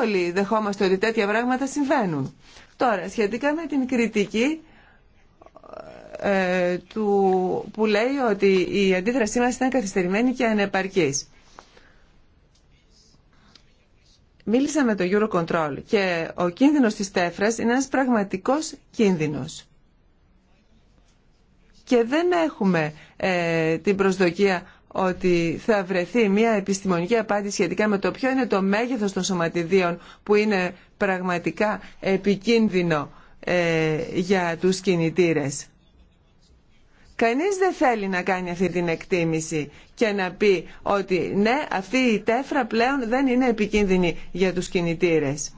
Όλοι δεχόμαστε ότι τέτοια πράγματα συμβαίνουν. Τώρα, σχετικά με την κριτική του, που λέει ότι η αντίδρασή μας ήταν καθυστερημένη και ανεπαρκής. Μίλησα με το Eurocontrol και ο κίνδυνος της τέφρας είναι ένας πραγματικός κίνδυνος. Και δεν έχουμε ε, την προσδοκία ότι θα βρεθεί μια επιστημονική απάντηση σχετικά με το ποιο είναι το μέγεθος των σωματιδίων που είναι πραγματικά επικίνδυνο ε, για τους κινητήρες. Κανείς δεν θέλει να κάνει αυτή την εκτίμηση και να πει ότι ναι, αυτή η τέφρα πλέον δεν είναι επικίνδυνη για τους κινητήρες.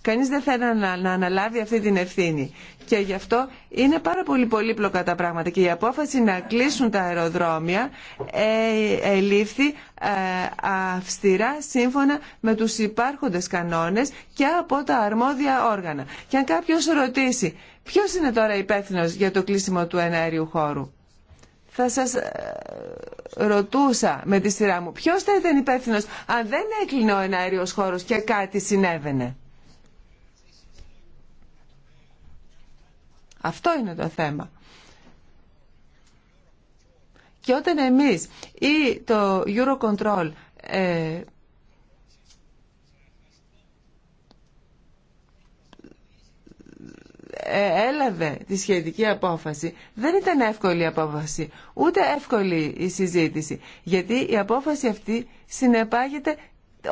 Κανείς δεν θέλει να, αναλάβει αυτή την ευθύνη. Και γι' αυτό είναι πάρα πολύ πολύπλοκα τα πράγματα. Και η απόφαση να κλείσουν τα αεροδρόμια ε, ελήφθη ε, αυστηρά σύμφωνα με τους υπάρχοντες κανόνες και από τα αρμόδια όργανα. Και αν κάποιος ρωτήσει Ποιος είναι τώρα υπεύθυνο για το κλείσιμο του εναέριου χώρου. Θα σας ε, ρωτούσα με τη σειρά μου ποιος θα ήταν υπεύθυνο αν δεν έκλεινε ο εναέριος χώρος και κάτι συνέβαινε. Αυτό είναι το θέμα. Και όταν εμείς ή το Eurocontrol ε, Ε, έλαβε τη σχετική απόφαση δεν ήταν εύκολη η απόφαση, ούτε εύκολη η συζήτηση, γιατί η απόφαση αυτή συνεπάγεται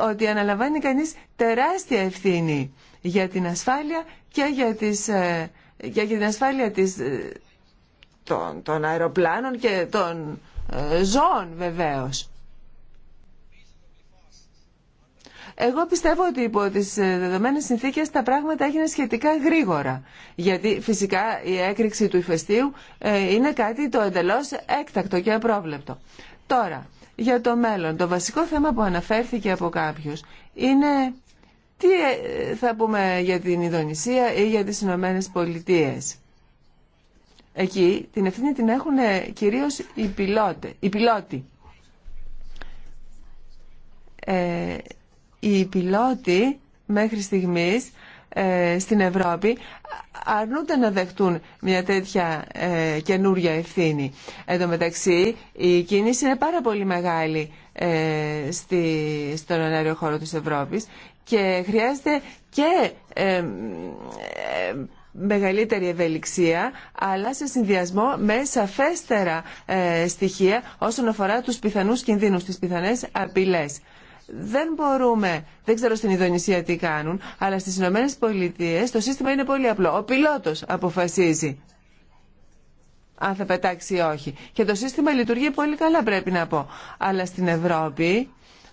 ότι αναλαμβάνει κανείς τεράστια ευθύνη για την ασφάλεια και για, τις, ε, για την ασφάλεια ε, των, των αεροπλάνων και των ζώων βεβαίως. Εγώ πιστεύω ότι υπό τι ε, δεδομένε συνθήκες τα πράγματα έγιναν σχετικά γρήγορα. Γιατί φυσικά η έκρηξη του ηφαιστείου ε, είναι κάτι το εντελώς έκτακτο και απρόβλεπτο. Τώρα, για το μέλλον, το βασικό θέμα που αναφέρθηκε από κάποιους είναι τι ε, θα πούμε για την Ιδονησία ή για τις Ηνωμένε Πολιτείε. Εκεί την ευθύνη την έχουν κυρίως οι, πιλότε, οι πιλότοι. Ε, οι πιλότοι μέχρι στιγμής ε, στην Ευρώπη αρνούνται να δεχτούν μια τέτοια ε, καινούρια ευθύνη. Εν τω μεταξύ η κίνηση είναι πάρα πολύ μεγάλη ε, στη, στον ενέργειο χώρο της Ευρώπης και χρειάζεται και μεγαλύτερη ευελιξία αλλά σε συνδυασμό με σαφέστερα στοιχεία όσον αφορά τους πιθανούς κινδύνους, τις πιθανές απειλές δεν μπορούμε, δεν ξέρω στην Ιδονησία τι κάνουν, αλλά στις Ηνωμένες Πολιτείες το σύστημα είναι πολύ απλό. Ο πιλότος αποφασίζει αν θα πετάξει ή όχι. Και το σύστημα λειτουργεί πολύ καλά πρέπει να πω. Αλλά στην Ευρώπη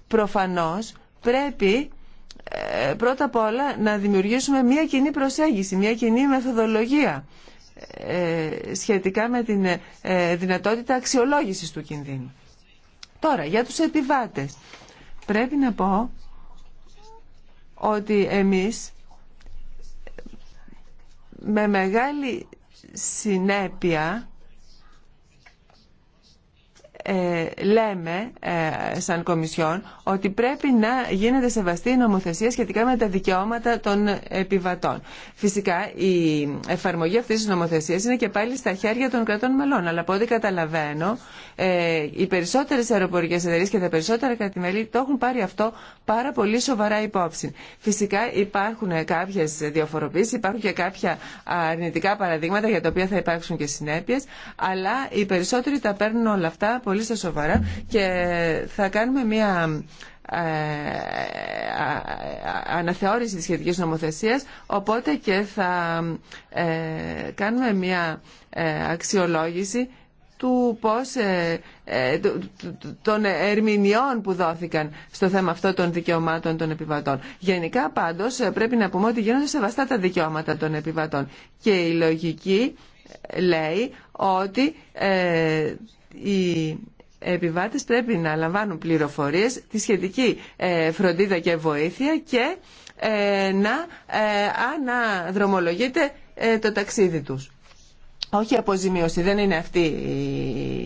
προφανώς πρέπει ε, πρώτα απ' όλα να δημιουργήσουμε μια κοινή προσέγγιση, μια κοινή μεθοδολογία ε, σχετικά με την ε, δυνατότητα αξιολόγησης του κινδύνου. Τώρα, για τους επιβάτες πρέπει να πω ότι εμείς με μεγάλη συνέπεια ε, λέμε ε, σαν Κομισιόν ότι πρέπει να γίνεται σεβαστή η νομοθεσία σχετικά με τα δικαιώματα των επιβατών. Φυσικά η εφαρμογή αυτής της νομοθεσίας είναι και πάλι στα χέρια των κρατών μελών, αλλά από ό,τι καταλαβαίνω ε, οι περισσότερες αεροπορικές εταιρείες και τα περισσότερα κρατημέλη το έχουν πάρει αυτό πάρα πολύ σοβαρά υπόψη. Φυσικά υπάρχουν κάποιες διαφοροποίησεις, υπάρχουν και κάποια αρνητικά παραδείγματα για τα οποία θα υπάρξουν και συνέπειες, αλλά οι περισσότεροι τα παίρνουν όλα αυτά πολύ στα σοβαρά και θα κάνουμε μια ε, αναθεώρηση της σχετικής νομοθεσίας οπότε και θα ε, κάνουμε μια ε, αξιολόγηση του πώς, των ερμηνειών που δόθηκαν στο θέμα αυτό των δικαιωμάτων των επιβατών. Γενικά πάντως πρέπει να πούμε ότι γίνονται σεβαστά τα δικαιώματα των επιβατών και η λογική λέει ότι οι επιβάτες πρέπει να λαμβάνουν πληροφορίες, τη σχετική ε, φροντίδα και βοήθεια και ε, να ε, αναδρομολογείται το ταξίδι τους. Όχι αποζημίωση, δεν είναι αυτή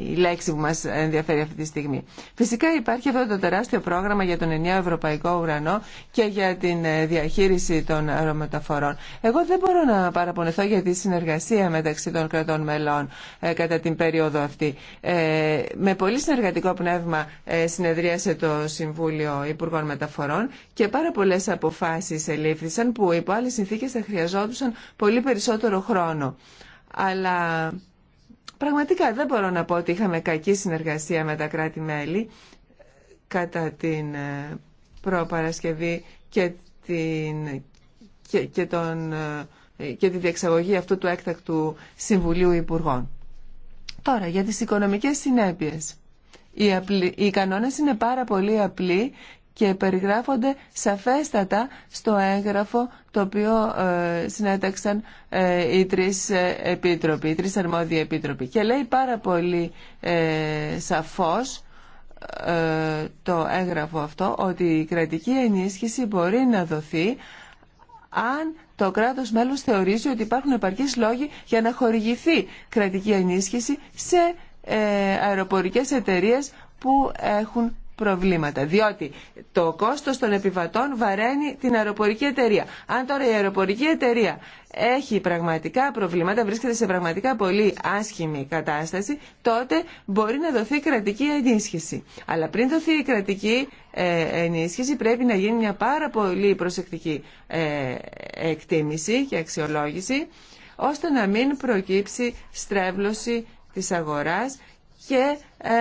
η λέξη που μας ενδιαφέρει αυτή τη στιγμή. Φυσικά υπάρχει αυτό το τεράστιο πρόγραμμα για τον ενιαίο ευρωπαϊκό ουρανό και για την ε, διαχείριση των αερομεταφορών. Εγώ δεν μπορώ να παραπονεθώ για τη συνεργασία μεταξύ των κρατών μελών ε, κατά την περίοδο αυτή. Ε, με πολύ συνεργατικό πνεύμα συνεδρίασε το Συμβούλιο Υπουργών Μεταφορών και πάρα πολλέ αποφάσεις ελήφθησαν που υπό άλλες συνθήκες θα χρειαζόντουσαν πολύ περισσότερο χρόνο αλλά πραγματικά δεν μπορώ να πω ότι είχαμε κακή συνεργασία με τα κράτη-μέλη κατά την ε, προπαρασκευή και, την, και, τον, ε, και τη διεξαγωγή αυτού του έκτακτου Συμβουλίου Υπουργών. Τώρα, για τις οικονομικές συνέπειες. Οι, απλοί, οι κανόνες είναι πάρα πολύ απλοί και περιγράφονται σαφέστατα στο έγγραφο το οποίο ε, συνέταξαν ε, οι τρεις ε, επίτροποι, τρεις αρμόδιοι επίτροποι. Και λέει πάρα πολύ σαφώς το έγγραφο αυτό ότι η κρατική ενίσχυση μπορεί να δοθεί αν το κράτος μέλος θεωρήσει ότι υπάρχουν επαρκείς λόγοι για να χορηγηθεί κρατική ενίσχυση σε αεροπορικές εταιρείες που έχουν προβλήματα. Διότι το κόστο των επιβατών βαραίνει την αεροπορική εταιρεία. Αν τώρα η αεροπορική εταιρεία έχει πραγματικά προβλήματα, βρίσκεται σε πραγματικά πολύ άσχημη κατάσταση, τότε μπορεί να δοθεί κρατική ενίσχυση. Αλλά πριν δοθεί η κρατική ε, ενίσχυση πρέπει να γίνει μια πάρα πολύ προσεκτική ε, εκτίμηση και αξιολόγηση, ώστε να μην προκύψει στρέβλωση της αγοράς και ε,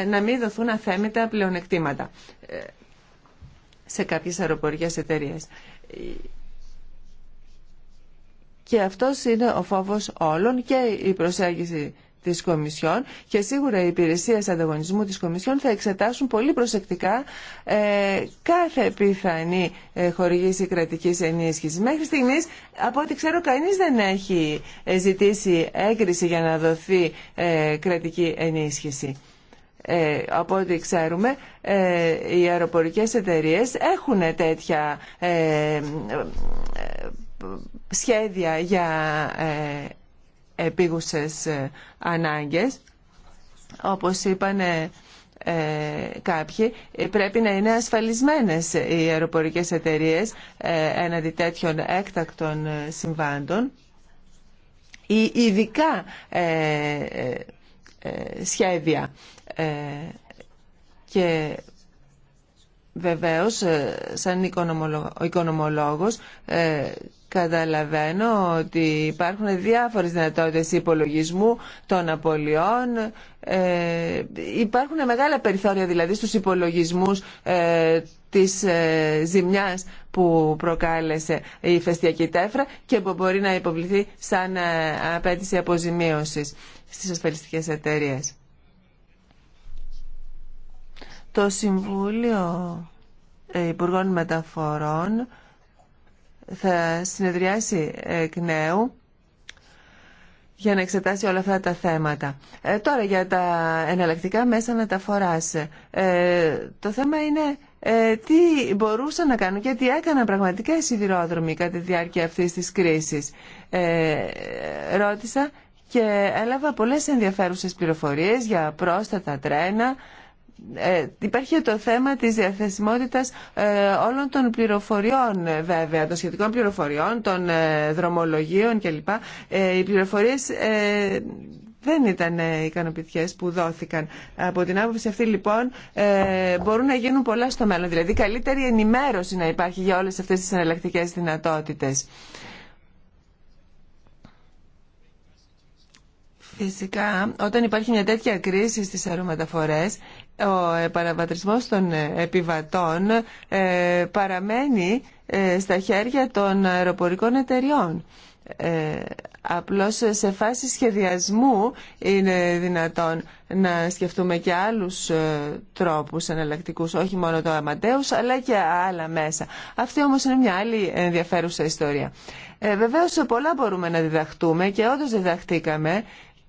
ε, να μην δοθούν αθέμητα πλεονεκτήματα ε, σε κάποιες αεροπορικές εταιρείε. Και αυτός είναι ο φόβος όλων και η προσέγγιση της Κομισιόν και σίγουρα οι υπηρεσίε ανταγωνισμού της Κομισιόν θα εξετάσουν πολύ προσεκτικά ε, κάθε πιθανή ε, χορηγήση κρατική ενίσχυση. Μέχρι στιγμή, από ό,τι ξέρω, κανεί δεν έχει ε, ζητήσει έγκριση για να δοθεί κρατική ενίσχυση. Ε, από ό,τι ξέρουμε οι αεροπορικές εταιρείες έχουν τέτοια σχέδια για επίγουσες ε, ανάγκες. Όπως είπαν ε, ε, κάποιοι, πρέπει να είναι ασφαλισμένες οι αεροπορικές εταιρείες έναντι τέτοιων έκτακτων συμβάντων ή ειδικά σχέδια. Και Βεβαίως, ε, σαν οικονομολόγος, ε, καταλαβαίνω ότι υπάρχουν διάφορες δυνατότητες υπολογισμού των απολειών. Ε, υπάρχουν μεγάλα περιθώρια δηλαδή στους υπολογισμούς της ζημιάς που προκάλεσε η φεστιακή τέφρα και που μπορεί να υποβληθεί σαν απέτηση αποζημίωσης στις ασφαλιστικές εταιρείες. Το Συμβούλιο ε, Υπουργών Μεταφορών θα συνεδριάσει εκ νέου για να εξετάσει όλα αυτά τα θέματα. Ε, τώρα για τα εναλλακτικά μέσα μεταφοράς. Ε, το θέμα είναι ε, τι μπορούσαν να κάνουν και τι έκαναν πραγματικά οι σιδηρόδρομοι κατά τη διάρκεια αυτής της κρίσης. Ε, ρώτησα και έλαβα πολλές ενδιαφέρουσες πληροφορίες για πρόσθετα τρένα, ε, υπάρχει το θέμα της διαθεσιμότητας ε, όλων των πληροφοριών ε, βέβαια, των σχετικών πληροφοριών, των ε, δρομολογίων κλπ. Οι πληροφορίες δεν ήταν ικανοποιητικέ που δόθηκαν. Από την άποψη αυτή λοιπόν μπορούν να γίνουν πολλά στο μέλλον. Δηλαδή καλύτερη ενημέρωση να υπάρχει για όλες αυτές τις εναλλακτικέ δυνατότητες. Φυσικά, όταν υπάρχει μια τέτοια κρίση στις αερομεταφορές, ο ε, παραβατρισμός των ε, επιβατών ε, παραμένει στα χέρια των αεροπορικών εταιριών. Ε, απλώς σε φάση σχεδιασμού είναι δυνατόν να σκεφτούμε και άλλους τρόπους εναλλακτικούς, όχι μόνο το αματέους αλλά και άλλα μέσα. Αυτή όμως είναι μια άλλη ενδιαφέρουσα ιστορία. Ε, βεβαίως πολλά μπορούμε να διδαχτούμε και όντω διδαχτήκαμε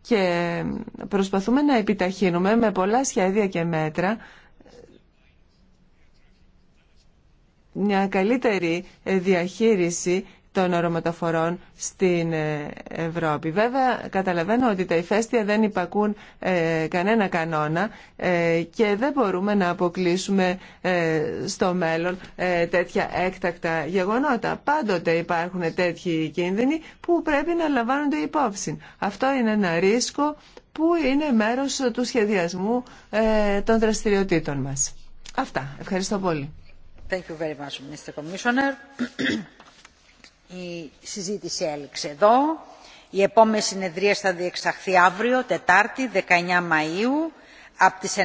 και προσπαθούμε να επιταχύνουμε με πολλά σχέδια και μέτρα μια καλύτερη διαχείριση των ορομοταφορών στην ε, Ευρώπη. Βέβαια, καταλαβαίνω ότι τα ηφαίστεια δεν υπακούν ε, κανένα κανόνα ε, και δεν μπορούμε να αποκλείσουμε στο μέλλον τέτοια έκτακτα γεγονότα. Πάντοτε υπάρχουν τέτοιοι κίνδυνοι που πρέπει να λαμβάνονται υπόψη. Αυτό είναι ένα ρίσκο που είναι μέρος του σχεδιασμού των δραστηριοτήτων μας. Αυτά. Ευχαριστώ πολύ. Thank you very much, Mr. Commissioner. Η συζήτηση έληξε εδώ. Η επόμενη συνεδρία θα διεξαχθεί αύριο, Τετάρτη, 19 Μαΐου, από τις 9